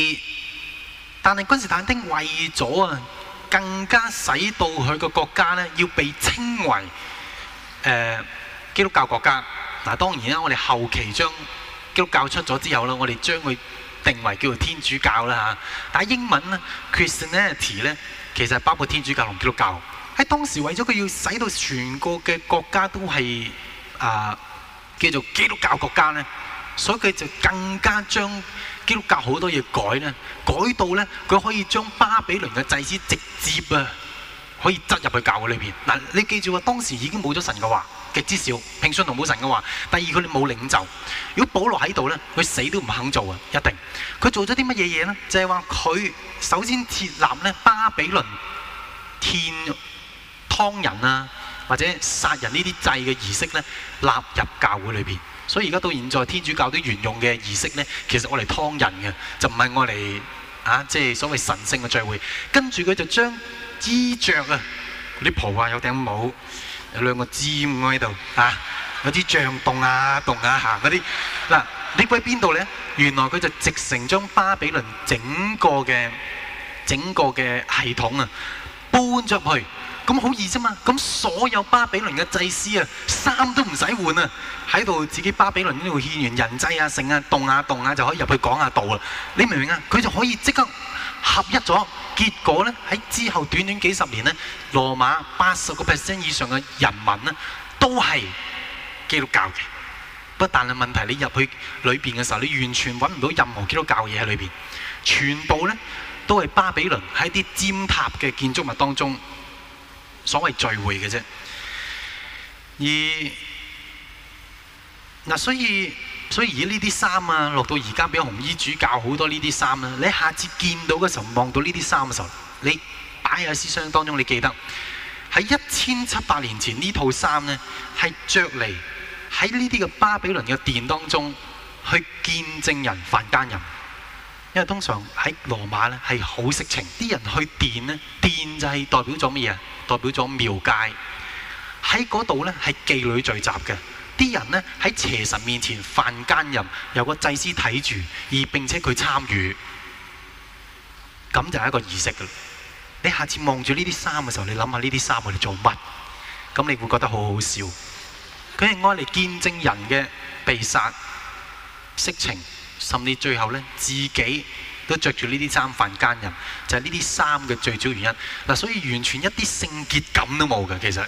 但係君士坦丁為咗啊，更加使到佢個國家呢，要被稱為誒、呃、基督教國家。嗱、啊，當然啦、啊，我哋後期將。基督教出咗之後啦，我哋將佢定為叫做天主教啦嚇。但係英文呢，Christianity 咧，其實包括天主教同基督教。喺當時為咗佢要使到全國嘅國家都係啊叫做基督教國家呢，所以佢就更加將基督教好多嘢改咧，改到呢，佢可以將巴比倫嘅祭司直接啊可以擠入去教裏邊。嗱、啊，你記住喎，當時已經冇咗神嘅話。極之少，平信同保神嘅話。第二佢哋冇領袖。如果保羅喺度呢，佢死都唔肯做啊，一定。佢做咗啲乜嘢嘢呢？就係話佢首先設立呢，巴比倫、劏人啊，或者殺人呢啲祭嘅儀式呢，納入教會裏邊。所以而家到現在天主教啲沿用嘅儀式呢，其實我嚟劏人嘅，就唔係我嚟啊，即係所謂神聖嘅聚會。跟住佢就將衣著啊，啲袍啊，有頂帽。有兩個尖喺度啊，有啲象洞啊、洞啊、行嗰啲，嗱，你喺邊度咧？原來佢就直成將巴比倫整個嘅整個嘅系統啊，搬咗入去，咁好易啫嘛！咁所有巴比倫嘅祭司啊，衫都唔使換啊，喺度自己巴比倫呢度獻完人祭啊、成啊、洞啊、洞啊，就可以入去講下道啦。你明唔明啊？佢就可以即刻。合一咗，結果呢，喺之後短短幾十年呢，羅馬八十個 percent 以上嘅人民呢，都係基督教嘅。不但係問題，你入去裏邊嘅時候，你完全揾唔到任何基督教嘢喺裏邊，全部呢，都係巴比倫喺啲尖塔嘅建築物當中所謂聚會嘅啫。而嗱、啊，所以。所以以呢啲衫啊，落到而家俾紅衣主教好多呢啲衫啊。你下次見到嘅時候，望到呢啲衫嘅時候，你擺喺思想當中，你記得喺一千七百年前呢套衫呢，係着嚟喺呢啲嘅巴比倫嘅殿當中去見證人犯奸淫。因為通常喺羅馬呢，係好色情，啲人去殿呢，殿就係代表咗乜嘢？代表咗廟街喺嗰度呢，係妓女聚集嘅。啲人呢，喺邪神面前犯奸淫，有個祭司睇住，而並且佢參與，咁就係一個儀式啦。你下次望住呢啲衫嘅時候，你諗下呢啲衫佢哋做乜，咁你會覺得好好笑。佢係愛嚟見證人嘅被殺、色情，甚至最後呢，自己都着住呢啲衫犯奸淫，就係呢啲衫嘅最主要原因。嗱，所以完全一啲聖潔感都冇嘅，其實。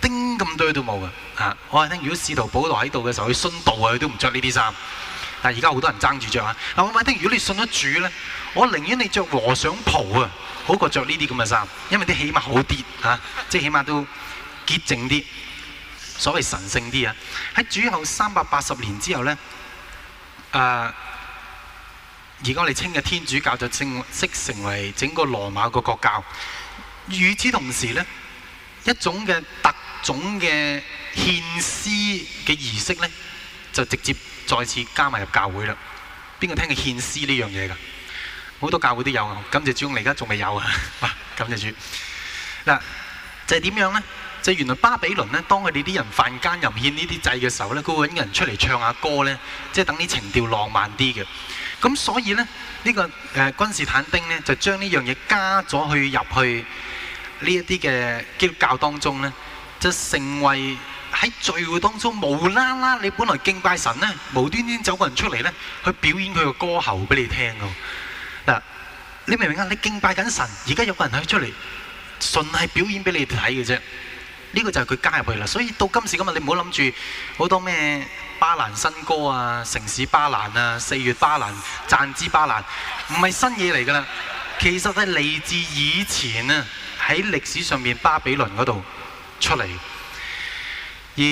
丁咁多都冇嘅，啊！我話聽，如果使徒保羅喺度嘅時候，佢殉道啊，佢都唔着呢啲衫。但而家好多人爭住着啊。嗱，我話聽，如果你信咗主咧，我寧願你着和尚袍啊，好過着呢啲咁嘅衫，因為啲起碼好啲啊，即係起碼都潔淨啲。所謂神聖啲啊！喺主後三百八十年之後咧，誒、啊，而家我哋稱嘅天主教就正式成為整個羅馬個國教。與此同時咧，一種嘅特總嘅獻詩嘅儀式呢，就直接再次加埋入教會啦。邊個聽嘅獻詩呢樣嘢㗎？好多教會都有啊。感謝主，你而家仲未有啊？感謝主。嗱，就係、是、點樣呢？就是、原來巴比倫呢，當佢哋啲人犯奸淫獻呢啲祭嘅時候呢，佢會揾人出嚟唱下歌呢，即係等啲情調浪漫啲嘅。咁所以呢，呢、這個誒君、呃、士坦丁呢，就將呢樣嘢加咗去入去呢一啲嘅基督教當中呢。就成為喺聚會當中無啦啦，你本來敬拜神咧，無端端走個人出嚟呢去表演佢個歌喉俾你聽噶。嗱、啊，你明唔明啊？你敬拜緊神，而家有個人喺出嚟，純係表演俾你睇嘅啫。呢、這個就係佢加入去啦。所以到今時今日，你唔好諗住好多咩巴蘭新歌啊、城市巴蘭啊、四月巴蘭、賺之巴蘭，唔係新嘢嚟噶啦。其實係嚟自以前啊，喺歷史上面巴比倫嗰度。出嚟，而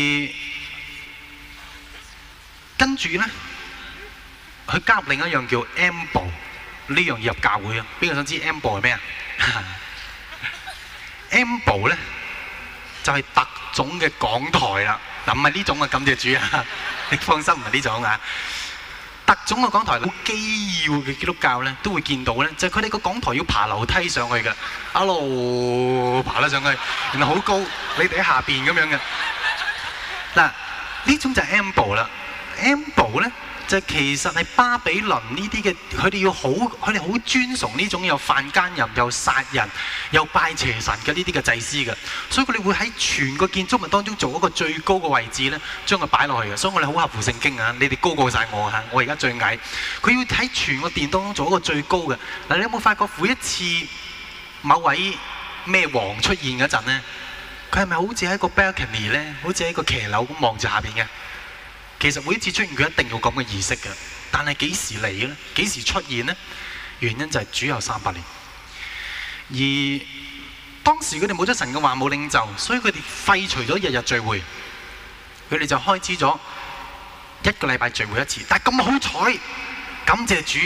跟住呢，佢加入另一樣叫 Ambo 呢樣嘢入教會、 *laughs* 就是、啊？邊個想知 Ambo 係咩啊？Ambo 咧就係特種嘅講台啦，嗱，唔係呢種啊，感謝主啊，你放心唔係呢種啊。特種個講台好基要嘅基督教咧，都會見到咧，就係佢哋個講台要爬樓梯上去嘅，一路爬得上去，然後好高，你哋喺下面咁樣嘅。嗱，呢種就係 amble 啦，amble 咧。就其實係巴比倫呢啲嘅，佢哋要好，佢哋好尊崇呢種又犯奸淫、又殺人、又拜邪神嘅呢啲嘅祭司嘅，所以佢哋會喺全個建築物當中做一個最高嘅位置咧，將佢擺落去嘅。所以我哋好合乎聖經啊！你哋高過晒我啊！我而家最矮，佢要喺全個殿當中做一個最高嘅。嗱，你有冇發覺每一次某位咩王出現嗰陣咧，佢係咪好似喺個 balcony 咧，好似喺個騎樓咁望住下邊嘅？其實每一次出現佢一定要有咁嘅意識嘅，但係幾時嚟嘅呢？幾時出現呢？原因就係主有三百年。而當時佢哋冇咗神嘅話，冇領袖，所以佢哋廢除咗日日聚會，佢哋就開始咗一個禮拜聚會一次。但係咁好彩，感謝主，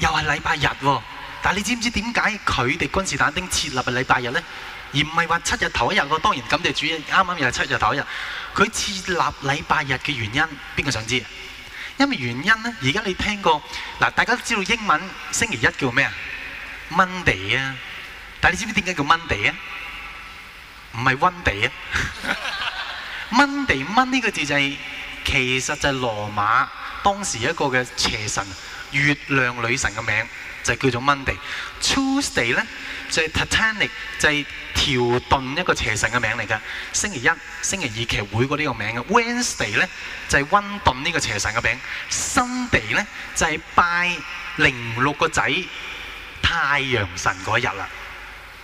又係禮拜日喎。但係你知唔知點解佢哋君士坦丁設立嘅禮拜日呢？而唔係話七日頭一日，我當然感謝主，啱啱又係七日頭一日。佢設立禮拜日嘅原因，邊個想知？因為原因咧，而家你聽過嗱，大家都知道英文星期一叫咩啊？Monday 啊，但係你知唔知點解叫 Monday 啊？唔係 Monday 啊。Monday，Monday 呢個字就係其實就係羅馬當時一個嘅邪神月亮女神嘅名，就係叫做 Monday。Tuesday 咧。就係 Titanic 就係調頓一個邪神嘅名嚟㗎，星期一、星期二劇會嗰呢個名嘅。Wednesday 咧就係温頓呢個邪神嘅名，Sunday 咧就係拜零六個仔太陽神嗰日啦，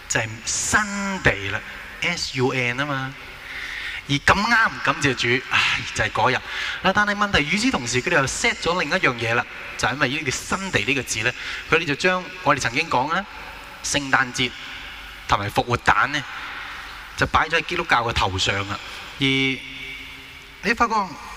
就係、是、Sunday 啦，S-U-N 啊嘛。而咁啱感謝主，唉，就係嗰日。嗱，但係問題與此同時，佢哋又 set 咗另一樣嘢啦，就係、是、因為呢個 Sunday 呢個字咧，佢哋就將我哋曾經講啊。聖誕節同埋復活蛋呢，就擺咗喺基督教嘅頭上啊！而你發覺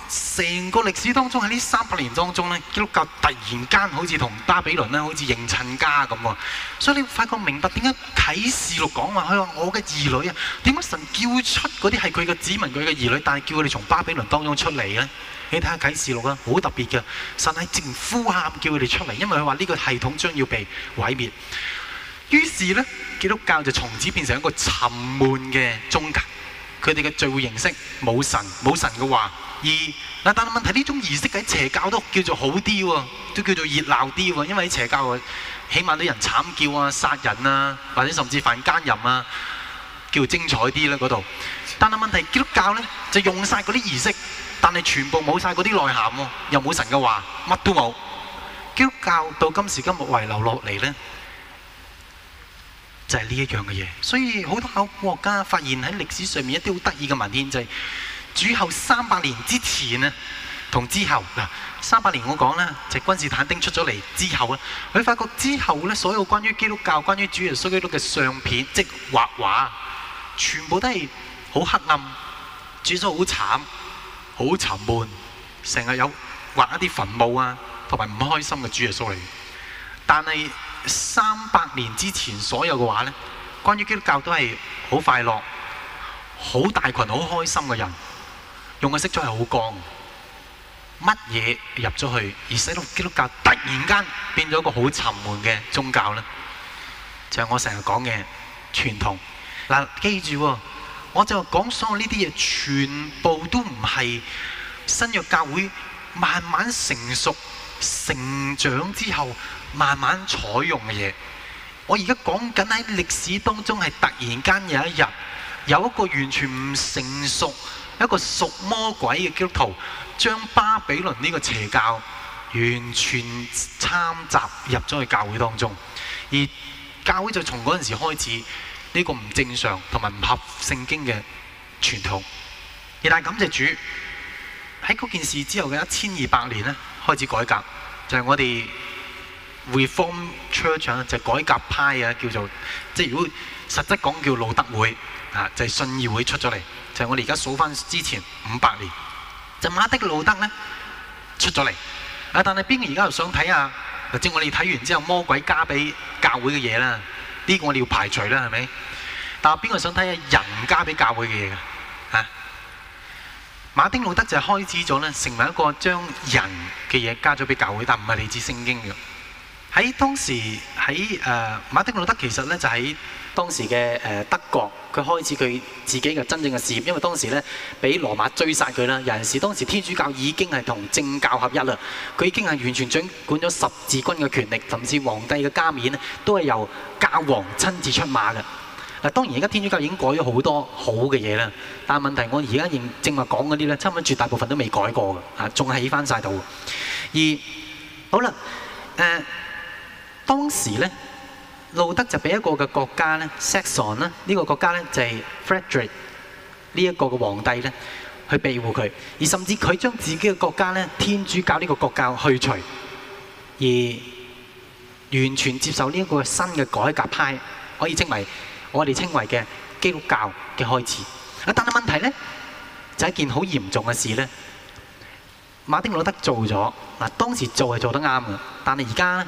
成個歷史當中喺呢三百年當中呢基督教突然間好似同巴比倫呢，好似認親家咁喎，所以你發覺明白點解啟示錄講話佢話我嘅兒女啊？點解神叫出嗰啲係佢嘅子民，佢嘅兒女，但係叫佢哋從巴比倫當中出嚟呢？你睇下啟示錄啊，好特別嘅神係直呼喊叫佢哋出嚟，因為佢話呢個系統將要被毀滅。於是咧，基督教就從此變成一個沉悶嘅宗教。佢哋嘅聚會形式冇神冇神嘅話，而但係問題呢種儀式喺邪教都叫做好啲喎，都叫做熱鬧啲喎。因為喺邪教起碼啲人慘叫啊、殺人啊，或者甚至犯奸淫啊，叫做精彩啲啦嗰度。但係問題基督教咧就用曬嗰啲儀式，但係全部冇曬嗰啲內涵，又冇神嘅話，乜都冇。基督教到今時今日遺留落嚟咧。就係呢一樣嘅嘢，所以好多考古學家發現喺歷史上面一啲好得意嘅文獻就係、是、主後三百年之前啊，同之後嗱三百年我講啦，就是、君士坦丁出咗嚟之後啊，佢發覺之後呢，所有關於基督教、關於主耶穌基督嘅相片，即係畫畫，全部都係好黑暗，煮咗好慘，好沉悶，成日有畫一啲墳墓啊，同埋唔開心嘅主耶穌嚟，但係。三百年之前所有嘅畫呢，關於基督教都係好快樂、好大群、好開心嘅人，用嘅色彩係好光。乜嘢入咗去而使到基督教突然間變咗個好沉悶嘅宗教呢？就係、是、我成日講嘅傳統。嗱，記住，我就講所有呢啲嘢，全部都唔係新約教會慢慢成熟、成長之後。慢慢採用嘅嘢，我而家講緊喺歷史當中係突然間有一日，有一個完全唔成熟、一個屬魔鬼嘅基督徒，將巴比倫呢個邪教完全參雜入咗去教會當中，而教會就從嗰陣時開始呢個唔正常同埋唔合聖經嘅傳統。而但感謝主，喺嗰件事之後嘅一千二百年咧，開始改革，就係我哋。Reform Church、啊、就係、改革派啊，叫做即係如果實質講叫路德會啊，就係、係、信義會出咗嚟，就係、係、我哋而家數翻之前五百年就係、馬丁路德咧出咗嚟啊。但係邊個而家又想睇啊？或者我哋睇完之後魔鬼加俾教會嘅嘢啦，呢、呢個我哋要排除啦，係咪？但係邊個想睇啊？人加俾教會嘅嘢㗎嚇？馬丁路德就係開始咗咧，成為一個將人嘅嘢加咗俾教會，但唔係嚟自聖經嘅。喺當時，喺誒、呃、馬丁路德其實咧就喺當時嘅誒、呃、德國，佢開始佢自己嘅真正嘅事業。因為當時咧俾羅馬追殺佢啦，尤其是當時天主教已經係同政教合一啦，佢已經係完全掌管咗十字軍嘅權力，甚至皇帝嘅加冕呢，都係由教皇親自出馬嘅。嗱、呃，當然而家天主教已經改咗好多好嘅嘢啦，但係問題我而家認正話講嗰啲咧，差唔多絕大部分都未改過嘅，啊，仲係起翻晒度。而好啦，誒、呃。當時咧，路德就俾一個嘅國家咧，Saxon 咧，呢個國家咧就係 Frederick 呢一個嘅皇帝咧，去庇護佢，而甚至佢將自己嘅國家咧，天主教呢個國教去除，而完全接受呢一個新嘅改革派，可以稱為我哋稱為嘅基督教嘅開始。啊，但係問題咧，就係一件好嚴重嘅事咧。馬丁路德做咗嗱，當時做係做得啱嘅，但係而家咧。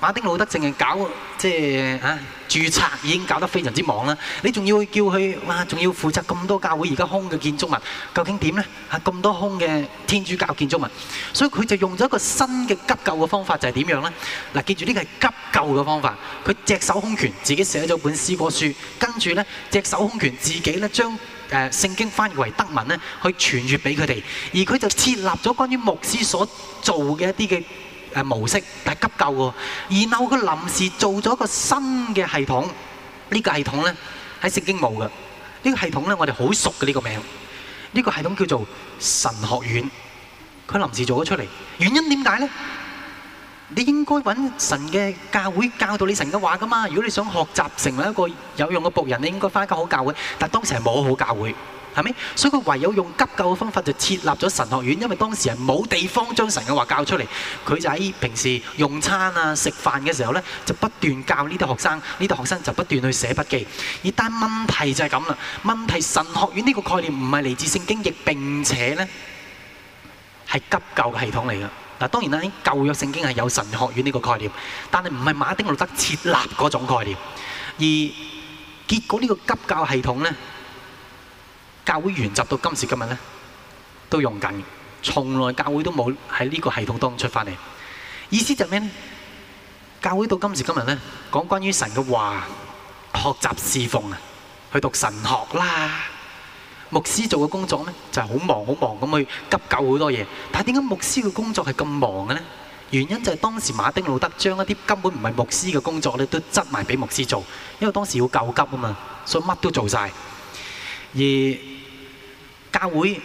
馬丁路德淨係搞即係啊，註冊已經搞得非常之忙啦。你仲要叫佢哇？仲要負責咁多教會而家空嘅建築物，究竟點咧？嚇咁多空嘅天主教建築物，所以佢就用咗一個新嘅急救嘅方法，就係點樣咧？嗱，記住呢個係急救嘅方法。佢隻手空拳，自己寫咗本詩歌書，跟住咧隻手空拳，自己咧將誒聖經翻譯為德文咧，去傳閱俾佢哋。而佢就設立咗關於牧師所做嘅一啲嘅。誒模式，但係急救喎，然後佢臨時做咗個新嘅系統，呢個系統咧喺聖經冇嘅，呢個系統咧我哋好熟嘅呢個名，呢個系統叫做神學院，佢臨時做咗出嚟，原因點解咧？你應該揾神嘅教會教導你神嘅話㗎嘛，如果你想學習成為一個有用嘅僕人，你應該翻一個好教會，但係當時係冇好教會。係咪？所以佢唯有用急救嘅方法就設立咗神學院，因為當時係冇地方將神嘅話教出嚟。佢就喺平時用餐啊、食飯嘅時候呢，就不斷教呢啲學生，呢啲學生就不斷去寫筆記。而但問題就係咁啦，問題神學院呢個概念唔係嚟自聖經，亦並且呢係急救嘅系統嚟嘅。嗱，當然啦，舊約聖經係有神學院呢個概念，但係唔係馬丁路德設立嗰種概念。而結果呢個急救系統呢。教會原則到今時今日咧，都用緊，從來教會都冇喺呢個系統當中出翻嚟。意思就係咩咧？教會到今時今日咧，講關於神嘅話，學習侍奉啊，去讀神學啦。牧師做嘅工作咧，就係好忙好忙咁去急救好多嘢。但係點解牧師嘅工作係咁忙嘅咧？原因就係當時馬丁路德將一啲根本唔係牧師嘅工作咧，都執埋俾牧師做，因為當時要救急啊嘛，所以乜都做晒。而教會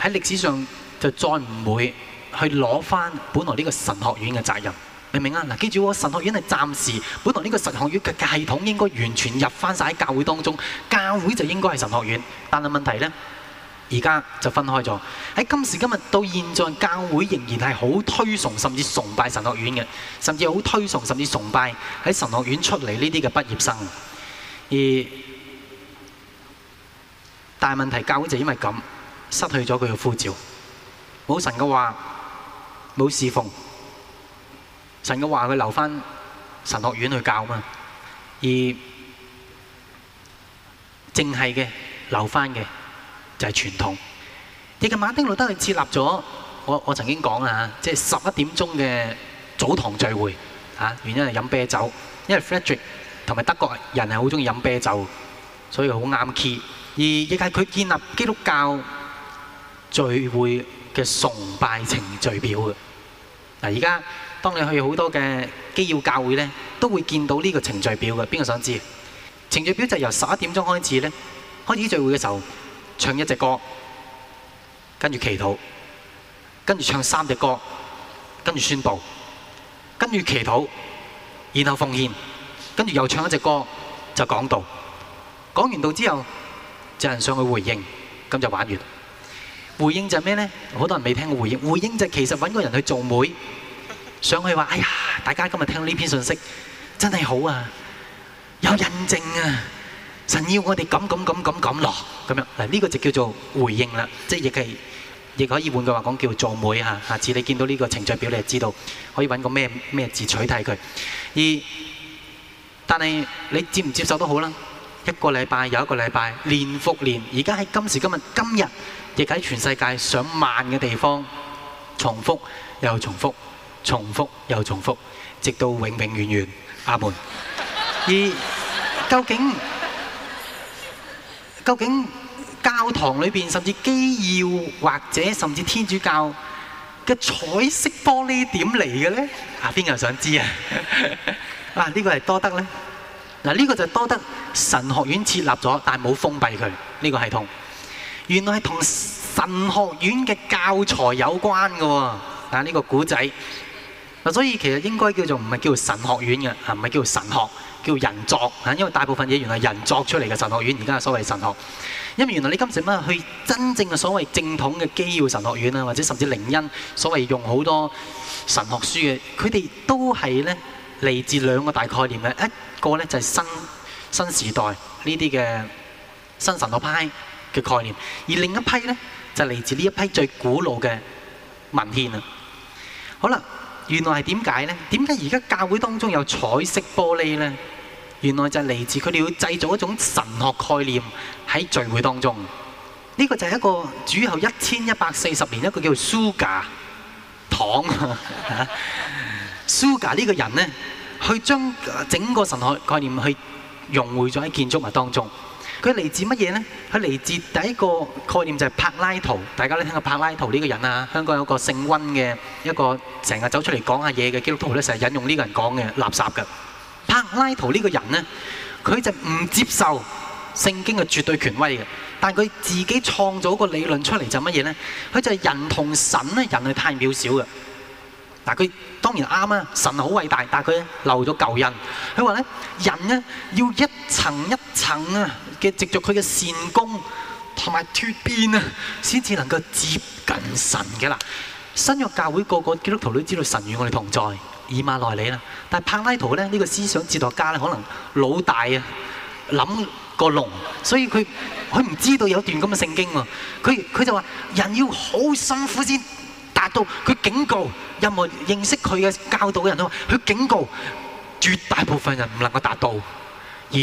喺歷史上就再唔會去攞翻本來呢個神學院嘅責任，明唔明啊？嗱，記住，神學院係暫時，本來呢個神學院嘅系統應該完全入翻晒喺教會當中，教會就應該係神學院，但係問題呢，而家就分開咗。喺今時今日到現在，教會仍然係好推崇甚至崇拜神學院嘅，甚至好推崇甚至崇拜喺神學院出嚟呢啲嘅畢業生，而，大問題，教會就因為咁失去咗佢嘅呼召，冇神嘅話，冇侍奉，神嘅話，佢留翻神學院去教嘛。而淨係嘅留翻嘅就係傳統。而嘅馬丁路德係設立咗，我我曾經講啊，即係十一點鐘嘅早堂聚會啊。原因係飲啤酒，因為 Frederick 同埋德國人係好中意飲啤酒，所以好啱 key。而亦係佢建立基督教聚會嘅崇拜程序表嘅。嗱，而家當你去好多嘅基要教會咧，都會見到呢個程序表嘅。邊個想知？程序表就由十一點鐘開始咧，開始聚會嘅時候唱一隻歌，跟住祈禱，跟住唱三隻歌，跟住宣佈，跟住祈禱，然後奉獻，跟住又唱一隻歌，就講道。講完道之後。有人上去回應，咁就玩完。回應就係咩呢？好多人未聽過回應。回應就係其實揾個人去做媒，上去話：哎呀，大家今日聽到呢篇信息真係好啊，有印證啊！神要我哋咁咁咁咁咁咯，咁樣。嗱，呢個就叫做回應啦，即係亦係亦可以換句話講叫做媒吓。下次你見到呢個程序表，你就知道可以揾個咩咩字取替佢。而但係你接唔接受都好啦。一個禮拜又一個禮拜，年復年，而家喺今時今日今日，亦喺全世界上萬嘅地方重複又重複，重複又重複，直到永永遠遠，阿門。而究竟究竟教堂裏邊甚至基要或者甚至天主教嘅彩色玻璃點嚟嘅咧？阿邊個又想知啊？嗱，呢個係多得咧。嗱，呢個就多得神學院設立咗，但係冇封閉佢呢個系統。原來係同神學院嘅教材有關嘅喎。嗱，呢個古仔。所以其實應該叫做唔係叫做神學院嘅，唔係叫做神學，叫人作啊。因為大部分嘢原來人作出嚟嘅神學院，而家係所謂神學。因為原來你今時乜去真正嘅所謂正統嘅基要神學院啊，或者甚至靈恩，所謂用好多神學書嘅，佢哋都係呢。嚟自兩個大概念嘅，一個咧就係新新時代呢啲嘅新神學派嘅概念，而另一批咧就係嚟自呢一批最古老嘅文獻啊。好啦，原來係點解咧？點解而家教會當中有彩色玻璃咧？原來就係嚟自佢哋要製造一種神學概念喺聚會當中。呢個就係一個主後一千一百四十年一個叫 Sugar 糖。Sugar 呢個人咧？去將整個神學概念去融匯咗喺建築物當中。佢嚟自乜嘢呢？佢嚟自第一個概念就係柏拉圖。大家都聽過柏拉圖呢個人啊？香港有個姓温嘅一個成日走出嚟講下嘢嘅基督徒咧，成日引用呢個人講嘅垃圾㗎。柏拉圖呢個人呢，佢就唔接受聖經嘅絕對權威嘅，但佢自己創造個理論出嚟就乜嘢呢？佢就係人同神咧，人係太渺小嘅。嗱，佢當然啱啊！神好偉大，但係佢漏咗舊人。佢話咧，人咧要一層一層啊嘅藉著佢嘅善功同埋脱變啊，先至能夠接近神嘅啦。新約教會個個基督徒都知道神與我哋同在，以馬內利啦。但係柏拉圖咧，呢個思想哲學家咧，可能老大啊諗過龍，所以佢佢唔知道有段咁嘅聖經喎。佢佢就話人要好辛苦先。達到，佢警告任何認識佢嘅教導嘅人都話，佢警告絕大部分人唔能夠達到，而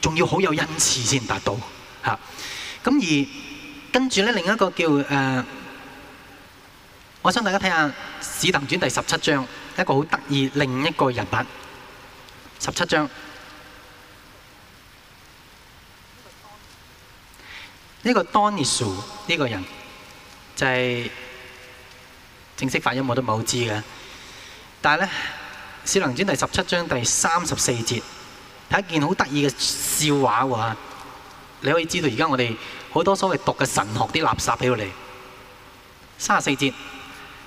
仲要好有恩賜先達到吓。咁而跟住咧，另一個叫誒，我想大家睇下《使徒行傳》第十七章，一個好得意另一個人物。十七章呢個丟尼修呢個人就係。正式發音我都唔係好知嘅，但係咧，《小林傳》第十七章第三十四節係一件好得意嘅笑話喎。你可以知道而家我哋好多所謂讀嘅神學啲垃圾喺度嚟。三十四節，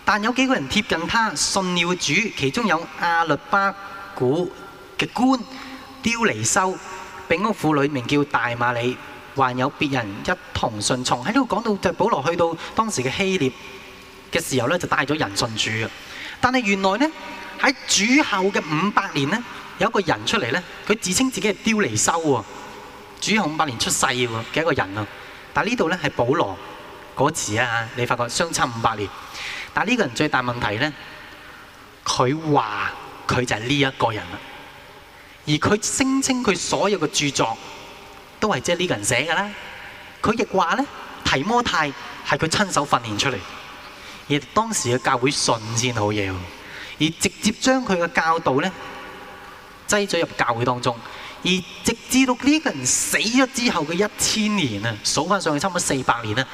但有幾個人貼近他信了主，其中有亞略巴古嘅官丟尼修、餅屋婦女名叫大馬里，還有別人一同信從。喺呢度講到就保羅去到當時嘅希臘。嘅時候咧，就帶咗人信主啊！但係原來咧喺主後嘅五百年咧，有一個人出嚟咧，佢自稱自己係丟尼修喎。主後五百年出世嘅喎，嘅一個人啊。但係呢度咧係保羅嗰時、那個、啊，你發覺相差五百年。但係呢個人最大問題咧，佢話佢就係呢一個人啊，而佢聲稱佢所有嘅著作都係即係呢個人寫㗎啦。佢亦話咧，提摩太係佢親手訓練出嚟。而當時嘅教會信先好嘢，而直接將佢嘅教導呢擠咗入教會當中，而直至到呢個人死咗之後嘅一千年啊，數返上去差唔多四百年啦，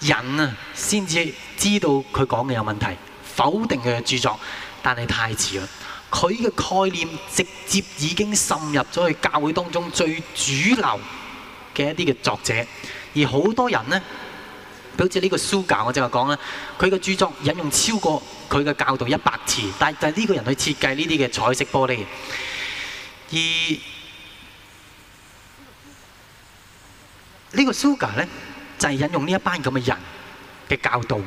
人啊先至知道佢講嘅有問題，否定佢嘅著作，但係太遲啦，佢嘅概念直接已經滲入咗去教會當中最主流嘅一啲嘅作者，而好多人呢。好似呢個蘇格，我就係講啦，佢個著作引用超過佢嘅教導一百次，但係但係呢個人去設計呢啲嘅彩色玻璃，而呢個蘇格咧就係引用呢一班咁嘅人嘅教導，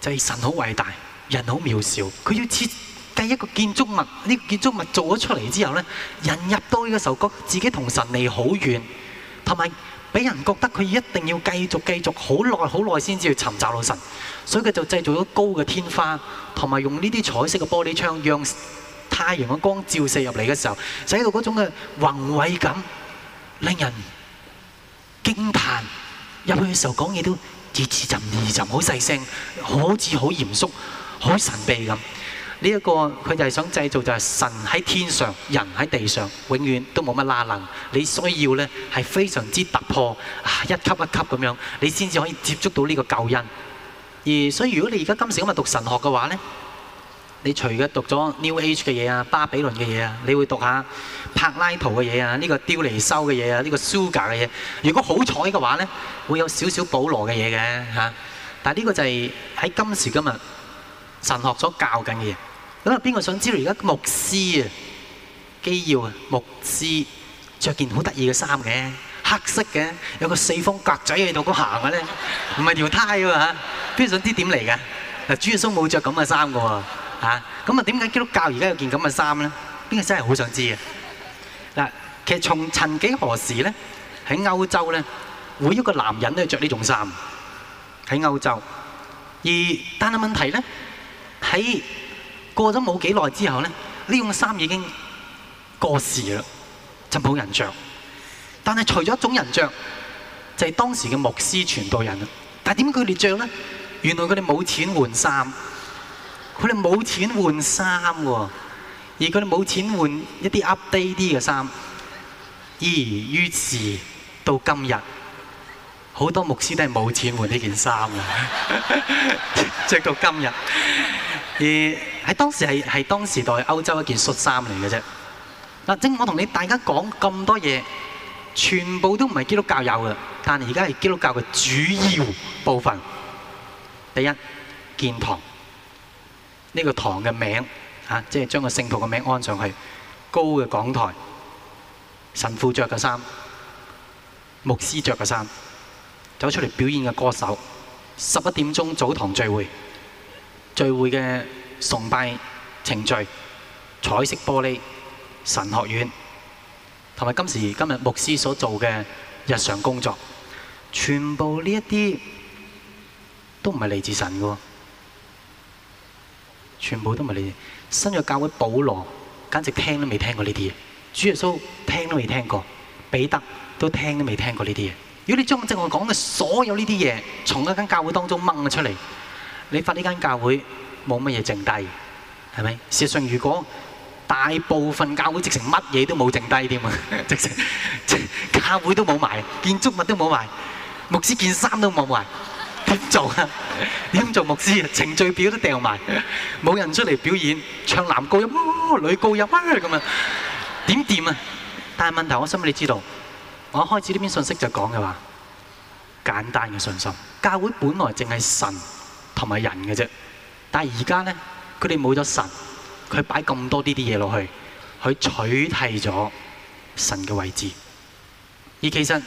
就係神好偉大，人好渺小，佢要設計一個建築物，呢個建築物做咗出嚟之後咧，人入到呢個首歌，自己同神離好遠，同埋。俾人覺得佢一定要繼續繼續好耐好耐先至尋找到神，所以佢就製造咗高嘅天花，同埋用呢啲彩色嘅玻璃窗，讓太陽嘅光照射入嚟嘅時候，使到嗰種嘅宏偉感令人驚歎。入去嘅時候講嘢都一字一字好細聲，好似好嚴肅、好神秘咁。呢一個佢就係想製造就係神喺天上，人喺地上，永遠都冇乜大能。你需要咧係非常之突破，一級一級咁樣，你先至可以接觸到呢個救恩。而所以如果你而家今時今日讀神學嘅話咧，你除咗讀咗 New Age 嘅嘢啊、巴比倫嘅嘢啊，你會讀下柏拉圖嘅嘢啊、呢個丟尼修嘅嘢啊、呢個蘇格嘅嘢。如果好彩嘅話咧，會有少少保羅嘅嘢嘅嚇。但係呢個就係喺今時今日神學所教緊嘅嘢。咁啊，邊個想知道而家牧師啊、基要啊、牧師著件好得意嘅衫嘅，黑色嘅，有個四方格仔喺度咁行嘅咧，唔係條呔喎嚇。邊個想知點嚟㗎？嗱，主耶穌冇著咁嘅衫嘅喎，嚇。咁啊，點解基督教而家有件咁嘅衫咧？邊個真係好想知啊？嗱，其實從曾幾何時咧，喺歐洲咧，每一個男人都著呢種衫喺歐洲。而但係問題咧，喺……過咗冇幾耐之後咧，呢種衫已經過時啦，就冇人着。但係除咗一種人着，就係當時嘅牧師傳道人。但係點佢哋着咧？原來佢哋冇錢換衫，佢哋冇錢換衫喎。而佢哋冇錢換一啲 update 啲嘅衫。而於是到今日，好多牧師都係冇錢換呢件衫㗎，著 *laughs* 到今日。而 *laughs* 喺當時係係當時代歐洲一件恤衫嚟嘅啫。嗱，正我同你大家講咁多嘢，全部都唔係基督教有嘅，但係而家係基督教嘅主要部分。第一，建堂。呢個堂嘅名嚇，即係將個聖徒嘅名安上去。高嘅講台，神父著嘅衫，牧師著嘅衫，走出嚟表演嘅歌手。十一點鐘早堂聚會，聚會嘅。崇拜程序、彩色玻璃、神學院，同埋今時今日牧師所做嘅日常工作，全部呢一啲都唔係嚟自神嘅，全部都唔係嚟自神。新約教會保羅簡直聽都未聽過呢啲嘢，主耶穌聽都未聽過，彼得都聽都未聽過呢啲嘢。如果你將我即講嘅所有呢啲嘢，從一間教會當中掹咗出嚟，你發呢間教會？冇乜嘢剩低，係咪？事實上，如果大部分教會，直情乜嘢都冇剩低添啊，直情即係教會都冇埋，建築物都冇埋，牧師件衫都冇埋，點做啊？點做牧師啊？程序表都掉埋，冇人出嚟表演唱男高音、女高音啊？咁啊？點掂啊？但係問題，我想畀你知道，我一開始呢篇信息就講嘅話，簡單嘅信心，教會本來淨係神同埋人嘅啫。但係而家咧，佢哋冇咗神，佢擺咁多啲啲嘢落去，佢取替咗神嘅位置。而其實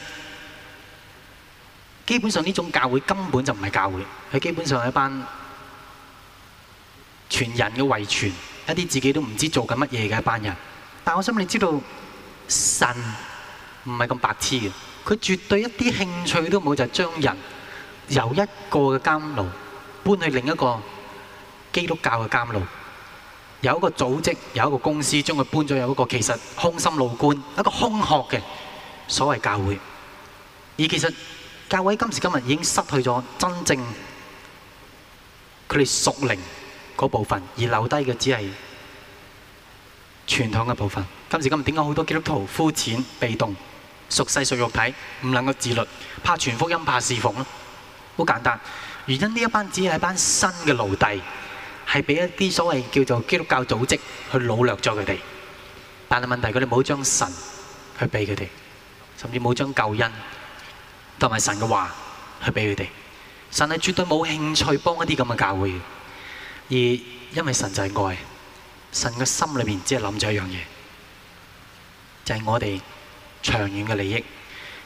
基本上呢種教會根本就唔係教會，佢基本上係一班全人嘅遺傳，一啲自己都唔知做緊乜嘢嘅一班人。但我希望你知道神唔係咁白痴嘅，佢絕對一啲興趣都冇，就係將人由一個嘅監牢搬去另一個。基督教嘅監牢有一個組織，有一個公司將佢搬咗，有一個其實空心老倌，一個空殼嘅所謂教會。而其實教會今時今日已經失去咗真正佢哋屬靈嗰部分，而留低嘅只係傳統嘅部分。今時今日點解好多基督徒膚淺、被動、屬世、屬肉體，唔能夠自律，怕傳福音，怕侍奉咯？好簡單，原因呢一班只係一班新嘅奴隸。係俾一啲所謂叫做基督教組織去擄掠咗佢哋，但係問題佢哋冇將神去俾佢哋，甚至冇將救恩同埋神嘅話去俾佢哋。神係絕對冇興趣幫一啲咁嘅教會，而因為神就係愛，神嘅心裏面只係諗著一樣嘢，就係、是、我哋長遠嘅利益。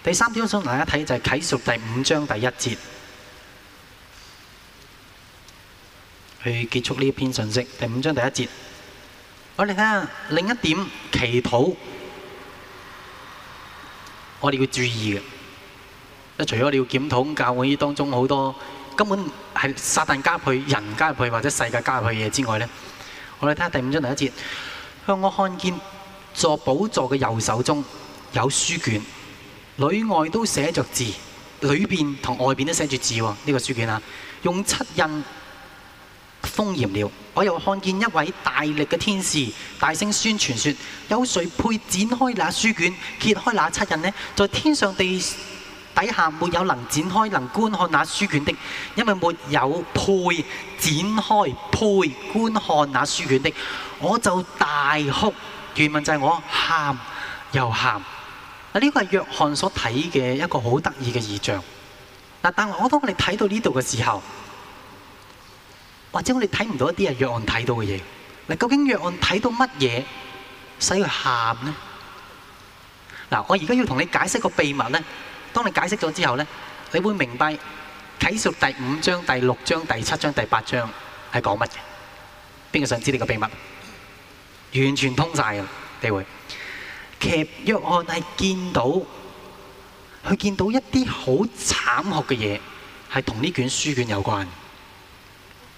第三點想同大家睇就係啟示第五章第一節。去結束呢一篇信息，第五章第一節。我哋睇下另一點祈禱，我哋要注意嘅。除咗我哋要檢討教會當中好多根本係撒旦加入去、人加入去或者世界加入去嘅嘢之外咧，我哋睇下第五章第一節。向我看見坐寶座嘅右手中有書卷，裏外都寫着字，裏邊同外邊都寫住字喎。呢、這個書卷啊，用七印。封嚴了，我又看見一位大力嘅天使，大聲宣傳說：有誰配展開那書卷，揭開那七印呢？在天上、地底下沒有能展開、能觀看那書卷的，因為沒有配展開、配觀看那書卷的。我就大哭，原文就係我喊又喊。嗱，呢個係約翰所睇嘅一個好得意嘅異象。嗱，但我當我哋睇到呢度嘅時候。或者我哋睇唔到一啲係約翰睇到嘅嘢。嗱，究竟約翰睇到乜嘢使佢喊咧？嗱，我而家要同你解釋個秘密咧。當你解釋咗之後咧，你會明白啟示第五章、第六章、第七章、第八章係講乜嘅。邊個想知呢個秘密？完全通曬嘅，你會。其實約翰係見到，佢見到一啲好慘酷嘅嘢，係同呢卷書卷有關。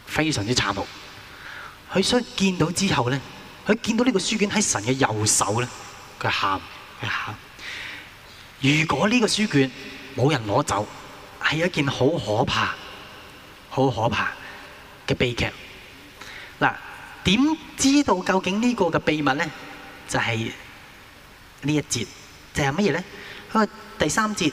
非常之慘酷，佢所以見到之後咧，佢見到呢個書卷喺神嘅右手咧，佢喊，佢喊。如果呢個書卷冇人攞走，係一件好可怕、好可怕嘅悲劇。嗱，點知道究竟呢個嘅秘密咧？就係、是、呢一節，就係乜嘢咧？佢話第三節。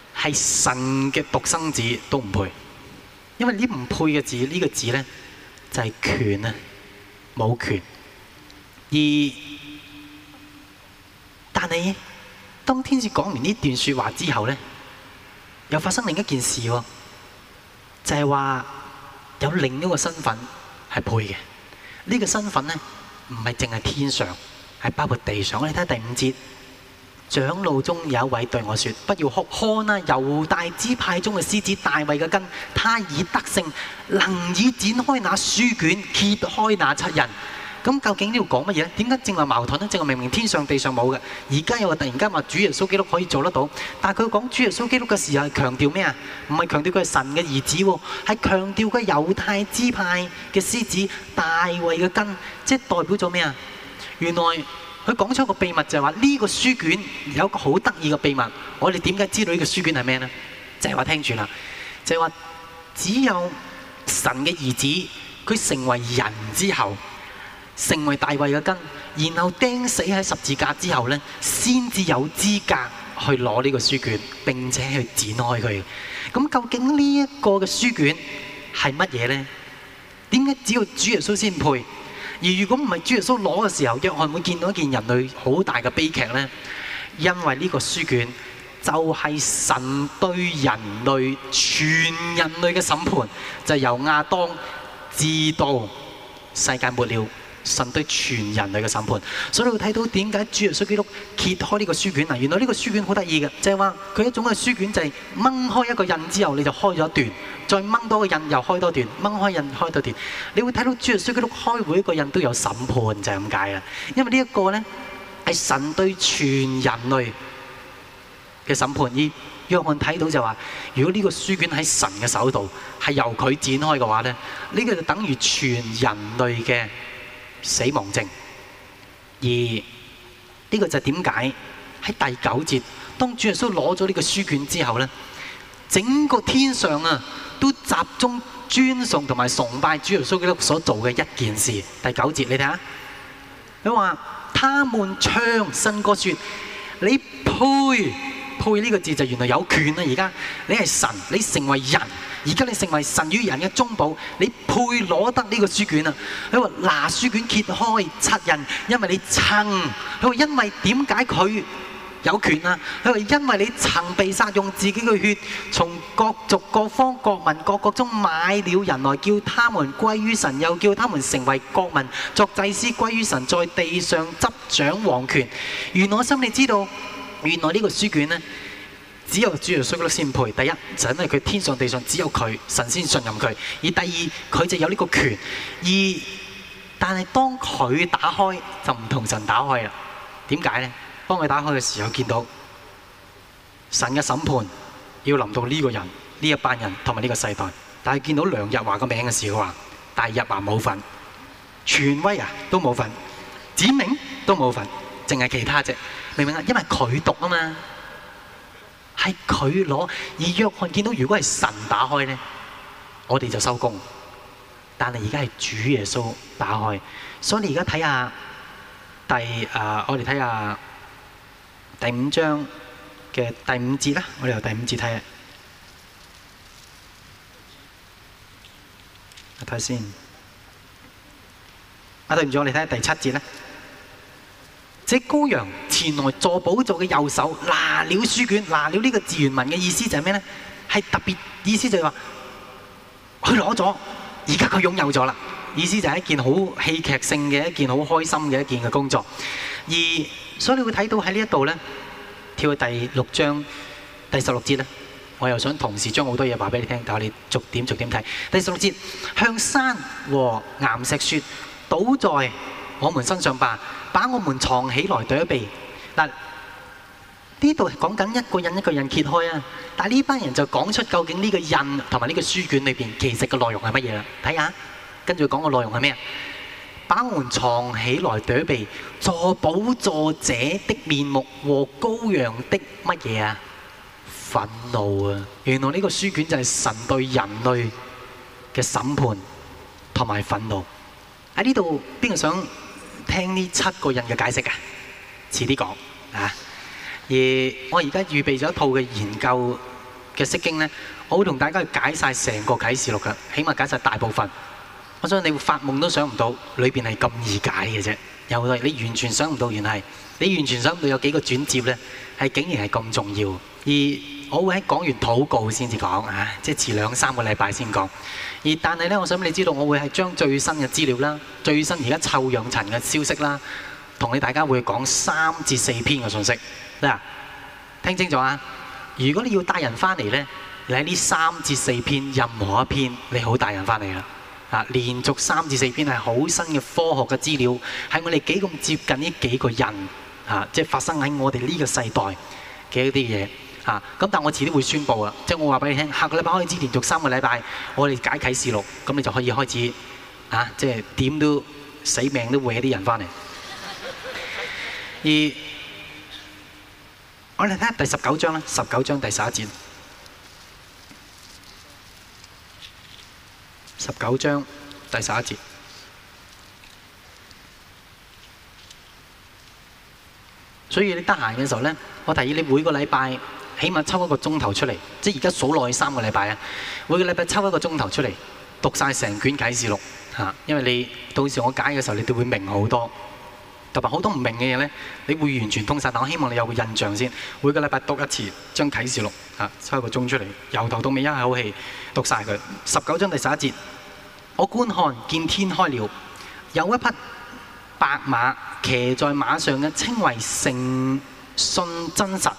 係神嘅獨生子都唔配，因為呢唔配嘅字呢、呢個字呢，就係、是、權啊，冇權。而但係當天使講完呢段說話之後呢，又發生另一件事喎，就係、是、話有另一個身份係配嘅。呢、呢個身份呢，唔係淨係天上，係包括地上。你哋睇第五節。長老中有一位對我說：，不要哭，看啦、啊，猶大支派中嘅獅子大衛嘅根，他已得勝，能以展開那書卷，揭開那七印。咁究竟呢度講乜嘢？呢？點解正話矛盾呢？正話明明天上地上冇嘅，而家又話突然間話主耶穌基督可以做得到。但係佢講主耶穌基督嘅時候強調，強調咩啊？唔係強調佢係神嘅兒子，係強調佢猶大支派嘅獅子大衛嘅根，即、就、係、是、代表咗咩啊？原來。佢講出一個秘密就係話呢個書卷有一個好得意嘅秘密，我哋點解知道呢個書卷係咩呢？就係話聽住啦，就係話只有神嘅兒子，佢成為人之後，成為大衞嘅根，然後釘死喺十字架之後呢，先至有資格去攞呢個書卷，並且去展開佢。咁究竟呢一個嘅書卷係乜嘢咧？點解只要主耶穌先配？而如果唔係主耶穌攞嘅時候，約翰會見到一件人類好大嘅悲劇咧，因為呢個書卷就係神對人類全人類嘅審判，就是、由亞當至到世界末了。神對全人類嘅審判，所以你會睇到點解主耶穌基督揭開呢個書卷啊？原來呢個書卷好得意嘅，即係話佢一種嘅書卷就係、是、掹開一個印之後，你就開咗一段；再掹多個印，又開多段；掹開印，開多段。你會睇到主耶穌基督開每一個印都有審判，就係咁解啦。因為呢一個咧係神對全人類嘅審判。而約翰睇到就話：如果呢個書卷喺神嘅手度，係由佢展開嘅話咧，呢、這個就等於全人類嘅。死亡症，而呢個就點解喺第九節，當主耶穌攞咗呢個書卷之後呢，整個天上啊都集中尊崇同埋崇拜主耶穌基督所做嘅一件事。第九節你睇下，佢話他們唱新歌說，你配。配呢個字就原來有權啦、啊！而家你係神，你成為人，而家你成為神與人嘅中保，你配攞得呢個書卷啊！佢話拿書卷揭開七印，因為你曾，佢話，因為點解佢有權啊？佢話因為你曾被殺，用自己嘅血從各族各方各民各國中買了人來，叫他們歸於神，又叫他們成為國民作祭司歸於神，在地上執掌王權。原來我心裏知道。原來呢個書卷呢，只有主耶穌基督先配。第一，就因為佢天上地上只有佢，神先信任佢；而第二，佢就有呢個權。而但係當佢打開，就唔同神打開啦。點解呢？當佢打開嘅時候，見到神嘅審判要臨到呢個人、呢一班人同埋呢個世代。但係見到梁日華個名嘅時候，話：大日華冇份，權威啊都冇份，指名都冇份，淨係其他啫。明唔明啊？因為佢讀啊嘛係佢攞。而約翰見到如果係神打開咧，我哋就收工。但係而家係主耶穌打開，所以你而家睇下第誒、呃，我哋睇下第五章嘅第五節啦。我哋由第五節睇下，睇先。啊對唔住，我哋睇下第七節啦。即羔羊前來坐寶座嘅右手拿了書卷，拿了呢個字原文嘅意思就係咩呢？係特別意思就係話，佢攞咗，而家佢擁有咗啦。意思就係一件好戲劇性嘅、一件好開心嘅一件嘅工作。而所以你會睇到喺呢一度呢，跳去第六章第十六節呢，我又想同時將好多嘢話俾你聽，但我哋逐點逐點睇。第十六節，向山和岩石説：倒在我們身上吧。把我們藏起來躲避。嗱，呢度講緊一個人一個人揭開啊。但係呢班人就講出究竟呢個印同埋呢個書卷裏邊其實個內容係乜嘢啦？睇下，跟住講個內容係咩？把我們藏起來躲避，坐寶座者的面目和羔羊的乜嘢啊？憤怒啊！原來呢個書卷就係神對人類嘅審判同埋憤怒。喺呢度邊個想？聽呢七個人嘅解釋㗎，遲啲講啊！而我而家預備咗一套嘅研究嘅釋經咧，我會同大家去解曬成個啟示錄㗎，起碼解曬大部分。我想你會發夢都想唔到，裏邊係咁易解嘅啫。有啲你完全想唔到，原係你完全想唔到有幾個轉折咧，係竟然係咁重要而。我會喺講完禱告先至講啊，即係遲兩三個禮拜先講。而但係呢，我想你知道，我會係將最新嘅資料啦、最新而家臭氧層嘅消息啦，同、啊、你大家會講三至四篇嘅信息。嗱、啊，聽清楚啊！如果你要帶人翻嚟呢，你喺呢三至四篇任何一篇，你好帶人翻嚟啦。啊，連續三至四篇係好新嘅科學嘅資料，係我哋幾咁接近呢幾個人、啊、即係發生喺我哋呢個世代嘅一啲嘢。啊！咁但我遲啲會宣佈啊，即係我話俾你聽，下個禮拜開始連續三個禮拜，我哋解啟示錄，咁你就可以開始啊！即係點都死命都搲啲人翻嚟。而我哋睇下第十九章啦，十九章第十一節，十九章第十一節。所以你得閒嘅時候咧，我提議你每個禮拜。起碼抽一個鐘頭出嚟，即係而家數落去三個禮拜啊！每個禮拜抽一個鐘頭出嚟，讀晒成卷啟示錄嚇，因為你到時我解嘅時候，你哋會明好多。同埋好多唔明嘅嘢咧，你會完全通晒。但我希望你有個印象先。每個禮拜讀一次，將啟示錄嚇抽一個鐘出嚟，由頭到尾一口氣讀晒佢。十九章第十一節，我觀看見天開了，有一匹白馬騎在馬上嘅，稱為誠信真實。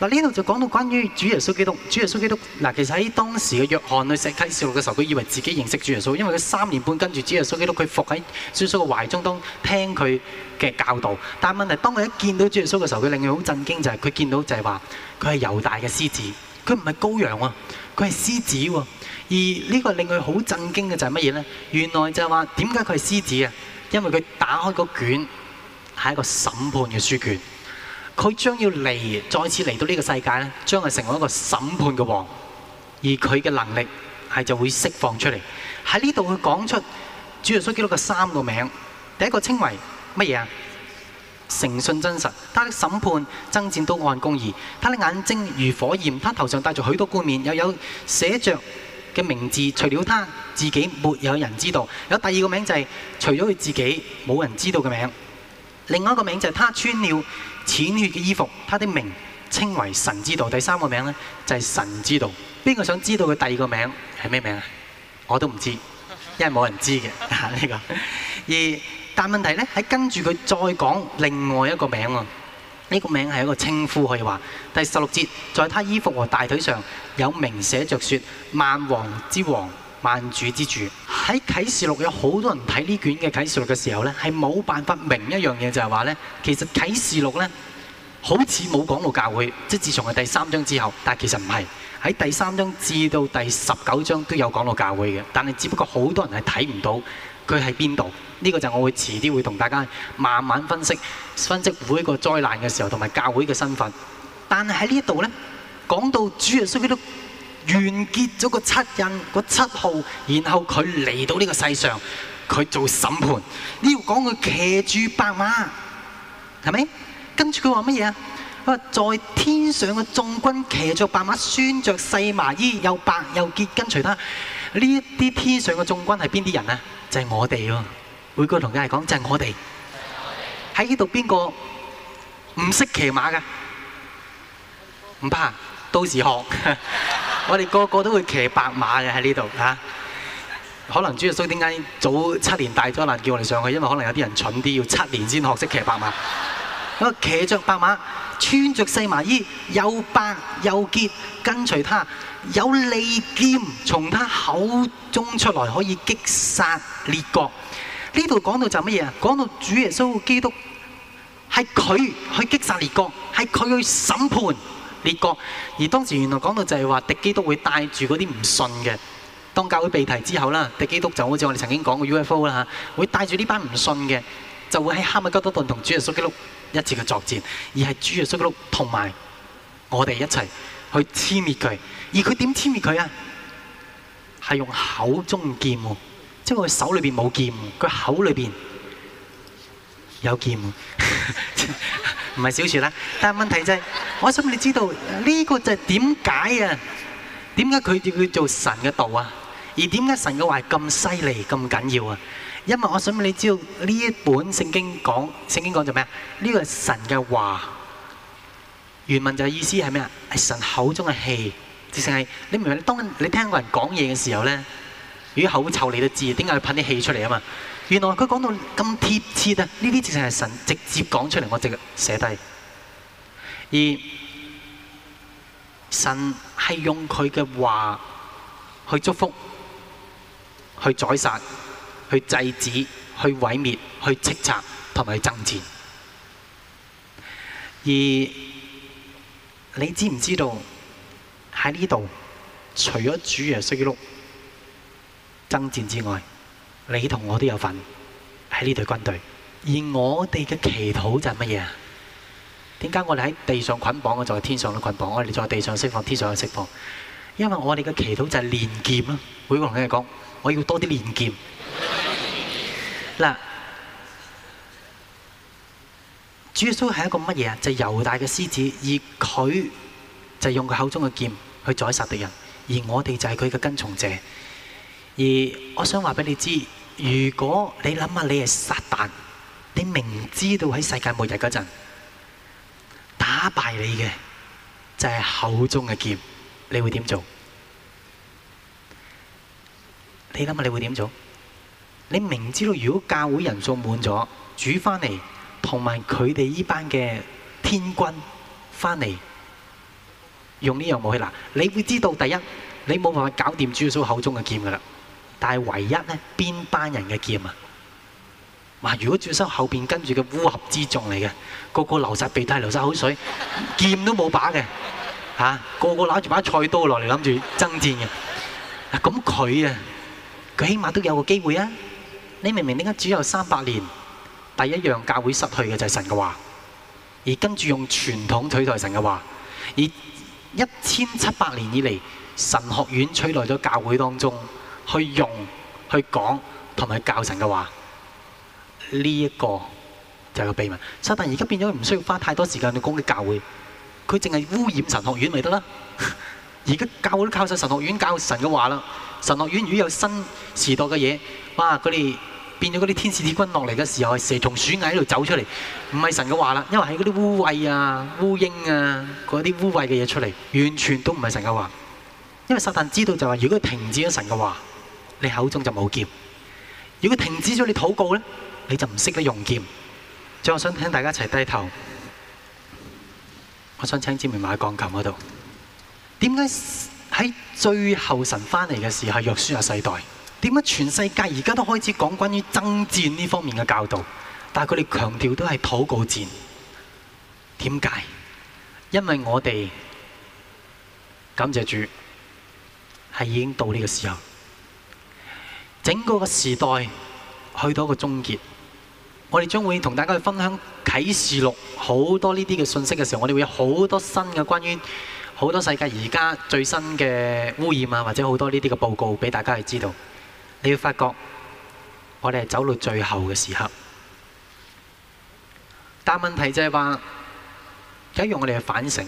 嗱，呢度就講到關於主耶穌基督，主耶穌基督。嗱，其實喺當時嘅約翰去寫啟示錄嘅時候，佢以為自己認識主耶穌，因為佢三年半跟住主耶穌基督，佢伏喺主耶穌嘅懷中當聽佢嘅教導。但係問題，當佢一見到主耶穌嘅時候，佢令佢好震驚，就係、是、佢見到就係話佢係猶大嘅獅子，佢唔係羔羊喎，佢係獅子喎。而呢個令佢好震驚嘅就係乜嘢咧？原來就係話點解佢係獅子啊？因為佢打開個卷係一個審判嘅書卷。佢將要嚟再次嚟到呢個世界咧，將係成為一個審判嘅王，而佢嘅能力係就會釋放出嚟喺呢度。佢講出主耶穌基督嘅三個名，第一個稱為乜嘢啊？誠信真實，他的審判爭戰都按公義，他的眼睛如火焰，他頭上戴著許多冠冕，又有寫著嘅名字，除了他自己，沒有人知道。有第二個名就係除咗佢自己，冇人知道嘅名。另外一個名就係他穿了淺血嘅衣服，他的名稱為神之道。第三個名呢，就係神之道。邊個想知道佢第二個名係咩名啊？我都唔知，因為冇人知嘅。呢 *laughs* 個而但問題呢，喺跟住佢再講另外一個名喎，呢、這個名係一個稱呼可以話。第十六節，在他衣服和大腿上有名寫着説萬王之王。萬主之主。喺啟示錄，有好多人睇呢卷嘅啟示錄嘅時候呢，係冇辦法明一樣嘢，就係話呢，其實啟示錄呢，好似冇講到教會，即係自從係第三章之後，但係其實唔係，喺第三章至到第十九章都有講到教會嘅，但係只不過好多人係睇唔到佢喺邊度。呢個就我會遲啲會同大家慢慢分析分析每一個災難嘅時候同埋教會嘅身份。但係喺呢度呢，講到主耶穌完結咗個七印個七號，然後佢嚟到呢個世上，佢做審判。你要講佢騎住白馬，係咪？跟住佢話乜嘢啊？佢話在天上嘅眾軍騎着白馬，穿着細麻衣，又白又潔，跟隨他。呢一啲天上嘅眾軍係邊啲人啊？就係我哋喎。每個同家係講就係我哋。喺呢度邊個唔識騎馬嘅？唔怕。到時學， *laughs* 我哋個個都會騎白馬嘅喺呢度嚇。可能主耶穌點解早七年大災難叫我哋上去？因為可能有啲人蠢啲，要七年先學識騎白馬。我 *laughs* 騎着白馬，穿着細麻衣，又白又潔，跟隨他，有利劍從他口中出來，可以擊殺列國。呢度講到就係乜嘢啊？講到主耶穌基督，係佢去擊殺列國，係佢去審判。列國，而當時原來講到就係話，敵基督會帶住嗰啲唔信嘅，當教會被提之後啦，敵基督就好似我哋曾經講過 UFO 啦嚇，會帶住呢班唔信嘅，就會喺哈米吉多頓同主耶穌基督一次嘅作戰，而係主耶穌基督同埋我哋一齊去殲滅佢，而佢點殲滅佢啊？係用口中劍喎，即係佢手裏邊冇劍，佢口裏邊，有劍，唔 *laughs* 係小説啦。但係問題就係、係，我想問你知道呢、呢個就係點解啊？點解佢叫佢做神嘅道啊？而點解神嘅話咁犀利、咁緊要啊？因為我想問你知道呢一本聖經講，聖經講做咩啊？呢個係神嘅話，原文就係意思係咩啊？係神口中嘅氣，直情係，你明唔明？當你聽個人講嘢嘅時候咧，如果口臭，你都知點解佢噴啲氣出嚟啊嘛？原來佢講到咁貼切啊！呢啲正係神直接講出嚟，我直寫低。而神係用佢嘅話去祝福、去宰殺、去制止、去毀滅、去斥責同埋去爭戰。而你知唔知道喺呢度？除咗主耶穌基督爭戰之外？你同我都有份喺呢隊軍隊，而我哋嘅祈禱就係乜嘢？點解我哋喺地上捆綁我就係天上嘅捆綁？我哋在地上釋放，天上嘅釋放。因為我哋嘅祈禱就係練劍，每個人同佢哋講，我要多啲練劍。嗱，主耶穌係一個乜嘢啊？就係猶大嘅獅子，而佢就係用佢口中嘅劍去宰殺敵人，而我哋就係佢嘅跟從者。而我想話俾你知，如果你諗下你係撒但，你明知道喺世界末日嗰陣打敗你嘅就係口中嘅劍，你會點做？你諗下你會點做？你明知道如果教會人數滿咗，主翻嚟同埋佢哋呢班嘅天軍翻嚟用呢樣武器，嗱，你會知道第一，你冇辦法搞掂主耶穌口中嘅劍噶啦。但係唯一咧，邊班人嘅劍啊？哇！如果轉身後邊跟住嘅烏合之眾嚟嘅，個個流曬鼻涕，流曬口水，劍都冇把嘅嚇，個個攞住把菜刀落嚟，諗住爭戰嘅，咁佢啊，佢起碼都有個機會啊！你明唔明點解只有三百年？第一樣教會失去嘅就係神嘅話，而跟住用傳統取代神嘅話，而一千七百年以嚟神學院取代咗教會當中。去用、去講同埋教神嘅話，呢、這、一個就係個秘密。撒旦而家變咗唔需要花太多時間去攻擊教會，佢淨係污染神學院咪得啦。而 *laughs* 家教會都靠晒神學院教神嘅話啦。神學院如果有新時代嘅嘢，哇！佢哋變咗嗰啲天使子君落嚟嘅時候係蛇蟲鼠蟻喺度走出嚟，唔係神嘅話啦。因為係嗰啲污穢啊、烏蠅啊嗰啲污穢嘅嘢出嚟，完全都唔係神嘅話。因為撒旦知道就係話如果停止咗神嘅話。你口中就冇劍，如果停止咗你禱告呢，你就唔識得用劍。最後想請大家一齊低頭。我想請姊妹埋鋼琴嗰度。點解喺最後神返嚟嘅時候約書亞世代？點解全世界而家都開始講關於爭戰呢方面嘅教導？但係佢哋強調都係禱告戰。點解？因為我哋感謝主，係已經到呢個時候。整個個時代去到一個終結，我哋將會同大家去分享啟示錄好多呢啲嘅信息嘅時候，我哋會有好多新嘅，關於好多世界而家最新嘅污染啊，或者好多呢啲嘅報告俾大家去知道。你要發覺，我哋係走到最後嘅時刻，但問題就係話，假如我哋嘅反省，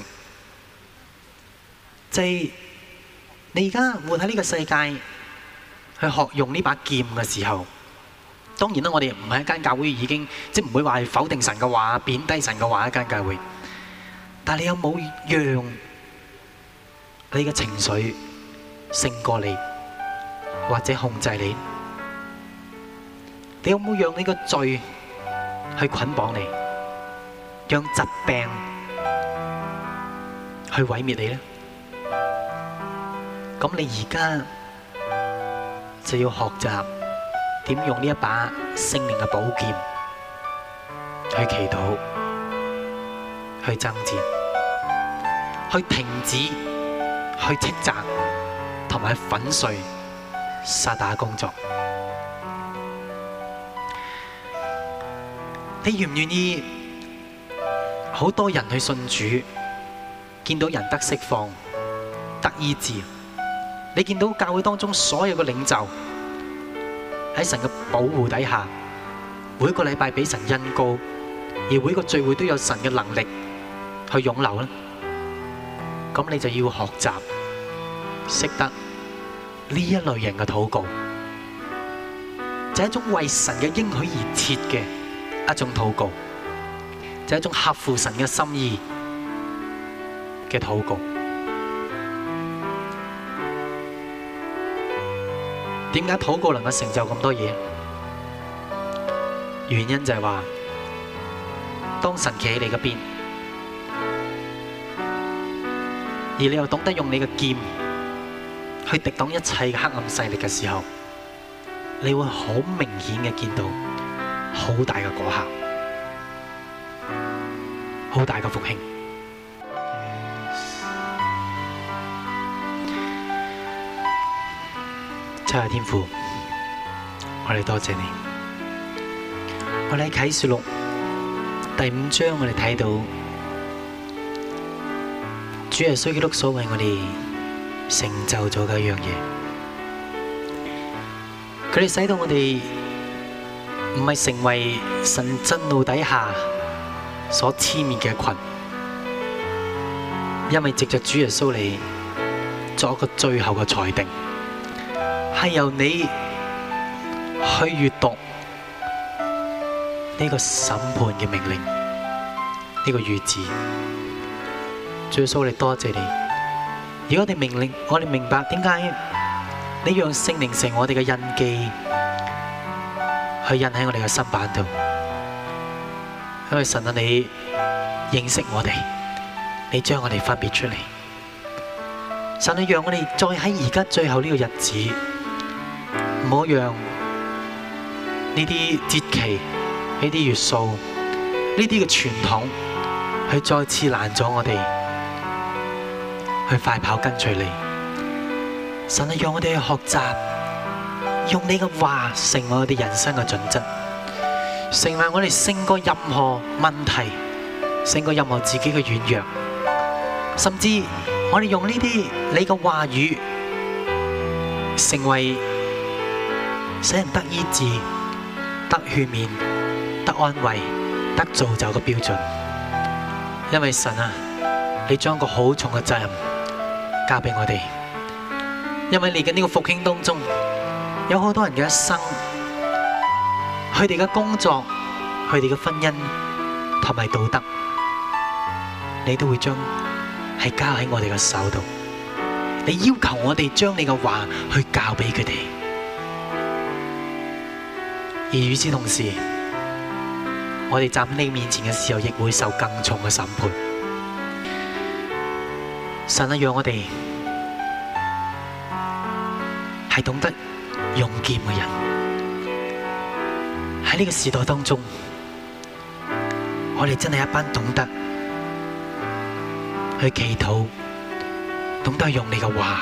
即係你而家活喺呢個世界，去學用呢把劍嘅時候，當然啦，我哋唔係一間教會已經即係唔會話否定神嘅話、貶低神嘅話一間教會。但係你有冇讓你嘅情緒勝過你，或者控制你？你有冇讓你嘅罪去捆綁你，讓疾病去毀滅你咧？咁你而家？就要學習點用呢把聖靈嘅寶劍去祈禱、去爭戰、去停止、去斥責同埋粉碎撒但嘅工作。你願唔願意好多人去信主，見到人得釋放、得醫治？你見到教會當中所有嘅領袖喺神嘅保護底下，每個禮拜俾神恩膏，而每個聚會都有神嘅能力去湧流咧，咁你就要學習識得呢一類型嘅禱告，就係一種為神嘅應許而設嘅一種禱告，就係一種合乎神嘅心意嘅禱告。點解禱告能夠成就咁多嘢？原因就係話，當神企喺你嘅邊，而你又懂得用你嘅劍去抵擋一切黑暗勢力嘅時候，你會好明顯嘅見到好大嘅果效，好大嘅復興。七日天父，我哋多謝你。我哋喺啟示錄第五章，我哋睇到主耶穌基督所為我哋成就咗嘅一樣嘢，佢哋使到我哋唔係成為神真路底下所欺滅嘅群，因為藉着主耶穌嚟作一個最後嘅裁定。係由你去閱讀呢個審判嘅命令，呢、這個預旨。耶穌，你多謝，謝你。如果你命令，我哋明白點解你讓聖靈成我哋嘅印記，去印喺我哋嘅身板度。因為神啊，你認識我哋，你將我哋分別出嚟。神你讓我哋再喺而家最後呢個日子。唔好讓呢啲節期、呢啲元素、呢啲嘅傳統去再次攔阻我哋去快跑跟隨你。神啊，讓我哋去學習用你嘅話成為我哋人生嘅準則，成為我哋勝過任何問題、勝過任何自己嘅軟弱，甚至我哋用呢啲你嘅話語成為。使人得醫治、得勸勉、得安慰、得造就嘅標準，因為神啊，你將個好重嘅責任交俾我哋，因為你喺呢個復興當中，有好多人嘅一生，佢哋嘅工作、佢哋嘅婚姻同埋道德，你都會將係交喺我哋嘅手度，你要求我哋將你嘅話去教俾佢哋。而與此同時，我哋站喺你面前嘅時候，亦會受更重嘅審判。神啊，讓我哋係懂得用劍嘅人喺呢個時代當中，我哋真係一班懂得去祈禱、懂得用你嘅話、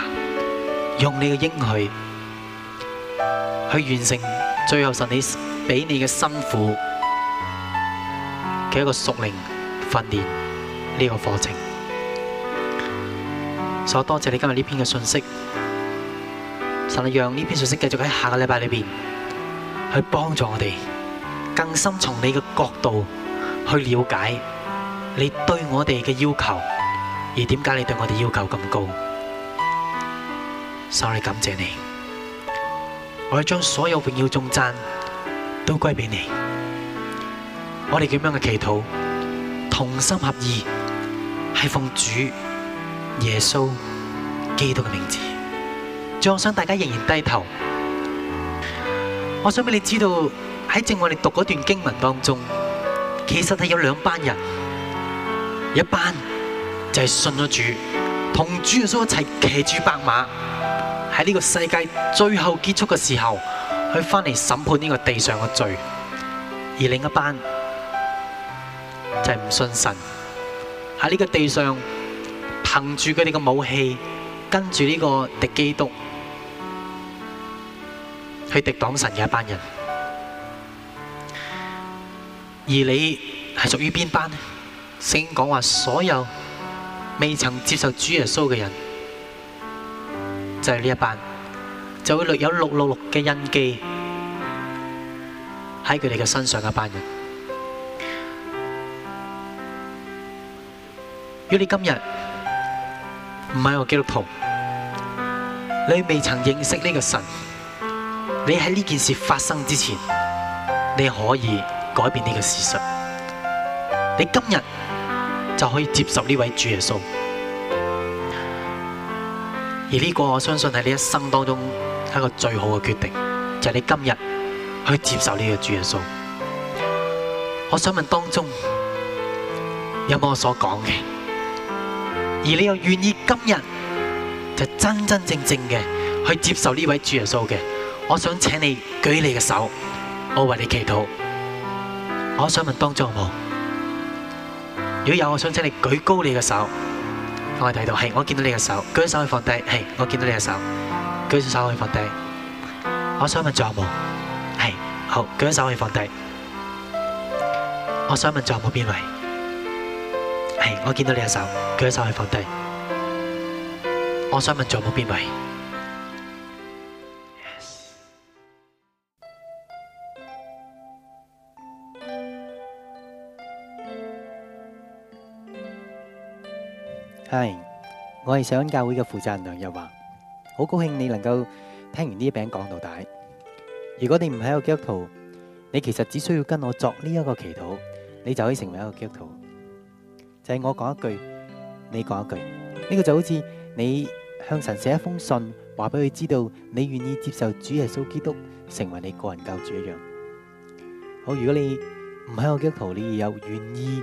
用你嘅英語去完成。最後神給你俾你嘅辛苦嘅一個屬靈訓練呢個課程，所以多謝你今日呢篇嘅信息。神，你讓呢篇信息繼續喺下個禮拜裏面，去幫助我哋，更深從你嘅角度去了解你對我哋嘅要求，而點解你對我哋要求咁高？Sorry，感謝你。我哋將所有榮耀頌讚都歸俾你。我哋噉樣嘅祈禱，同心合意，係奉主耶穌基督嘅名字。我想大家仍然低頭。我想俾你知道，喺正我哋讀嗰段經文當中，其實係有兩班人，一班就係信咗主，同主耶穌一齊騎住白馬。喺呢個世界最後結束嘅時候，佢返嚟審判呢個地上嘅罪；而另一班就係、是、唔信神，喺呢個地上憑住佢哋嘅武器，跟住呢個敵基督去敵擋神嘅一班人。而你係屬於邊班呢？聖經講話所有未曾接受主耶穌嘅人。就係呢一班，就會留有六六六嘅印記喺佢哋嘅身上嘅一班人。如果你今日唔係個基督徒，你未曾認識呢個神，你喺呢件事發生之前，你可以改變呢個事實。你今日就可以接受呢位主耶穌。而呢個我相信係你一生當中一個最好嘅決定，就係你今日去接受呢個主耶穌。我想問當中有冇我所講嘅？而你又願意今日就真真正正嘅去接受呢位主耶穌嘅？我想請你舉你嘅手，我為你祈禱。我想問當中有冇？如果有，我想請你舉高你嘅手。我睇到，係我見到你嘅手，舉手可以放低，係我見到你嘅手，舉手可以放低。我想問仲有冇？係好，舉手可以放低。我想問仲有冇邊位？係我見到你嘅手，舉手可以放低。我想問仲有冇邊位？我係上恩教會嘅負責人梁日華，好高興你能夠聽完呢一餅講到底。如果你唔係一個基督徒，你其實只需要跟我作呢一個祈禱，你就可以成為一個基督徒。就係我講一句，你講一句，呢個就好似你向神寫一封信，話俾佢知道你願意接受主耶穌基督成為你個人救主一樣。好，如果你唔係一個基督徒，你又願意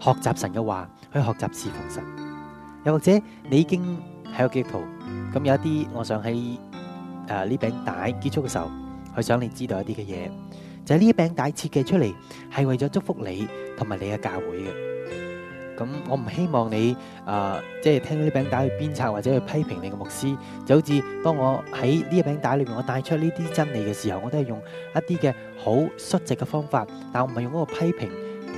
學習神嘅話，去學習侍奉神。又或者你已經係個基督徒，咁有一啲，我想喺誒呢餅帶結束嘅時候，去想你知道一啲嘅嘢。就係呢餅帶設計出嚟，係為咗祝福你同埋你嘅教會嘅。咁我唔希望你誒，即係聽呢餅帶去鞭策或者去批評你嘅牧師。就好似當我喺呢餅帶裏面，我帶出呢啲真理嘅時候，我都係用一啲嘅好率直嘅方法，但係我唔係用嗰個批評。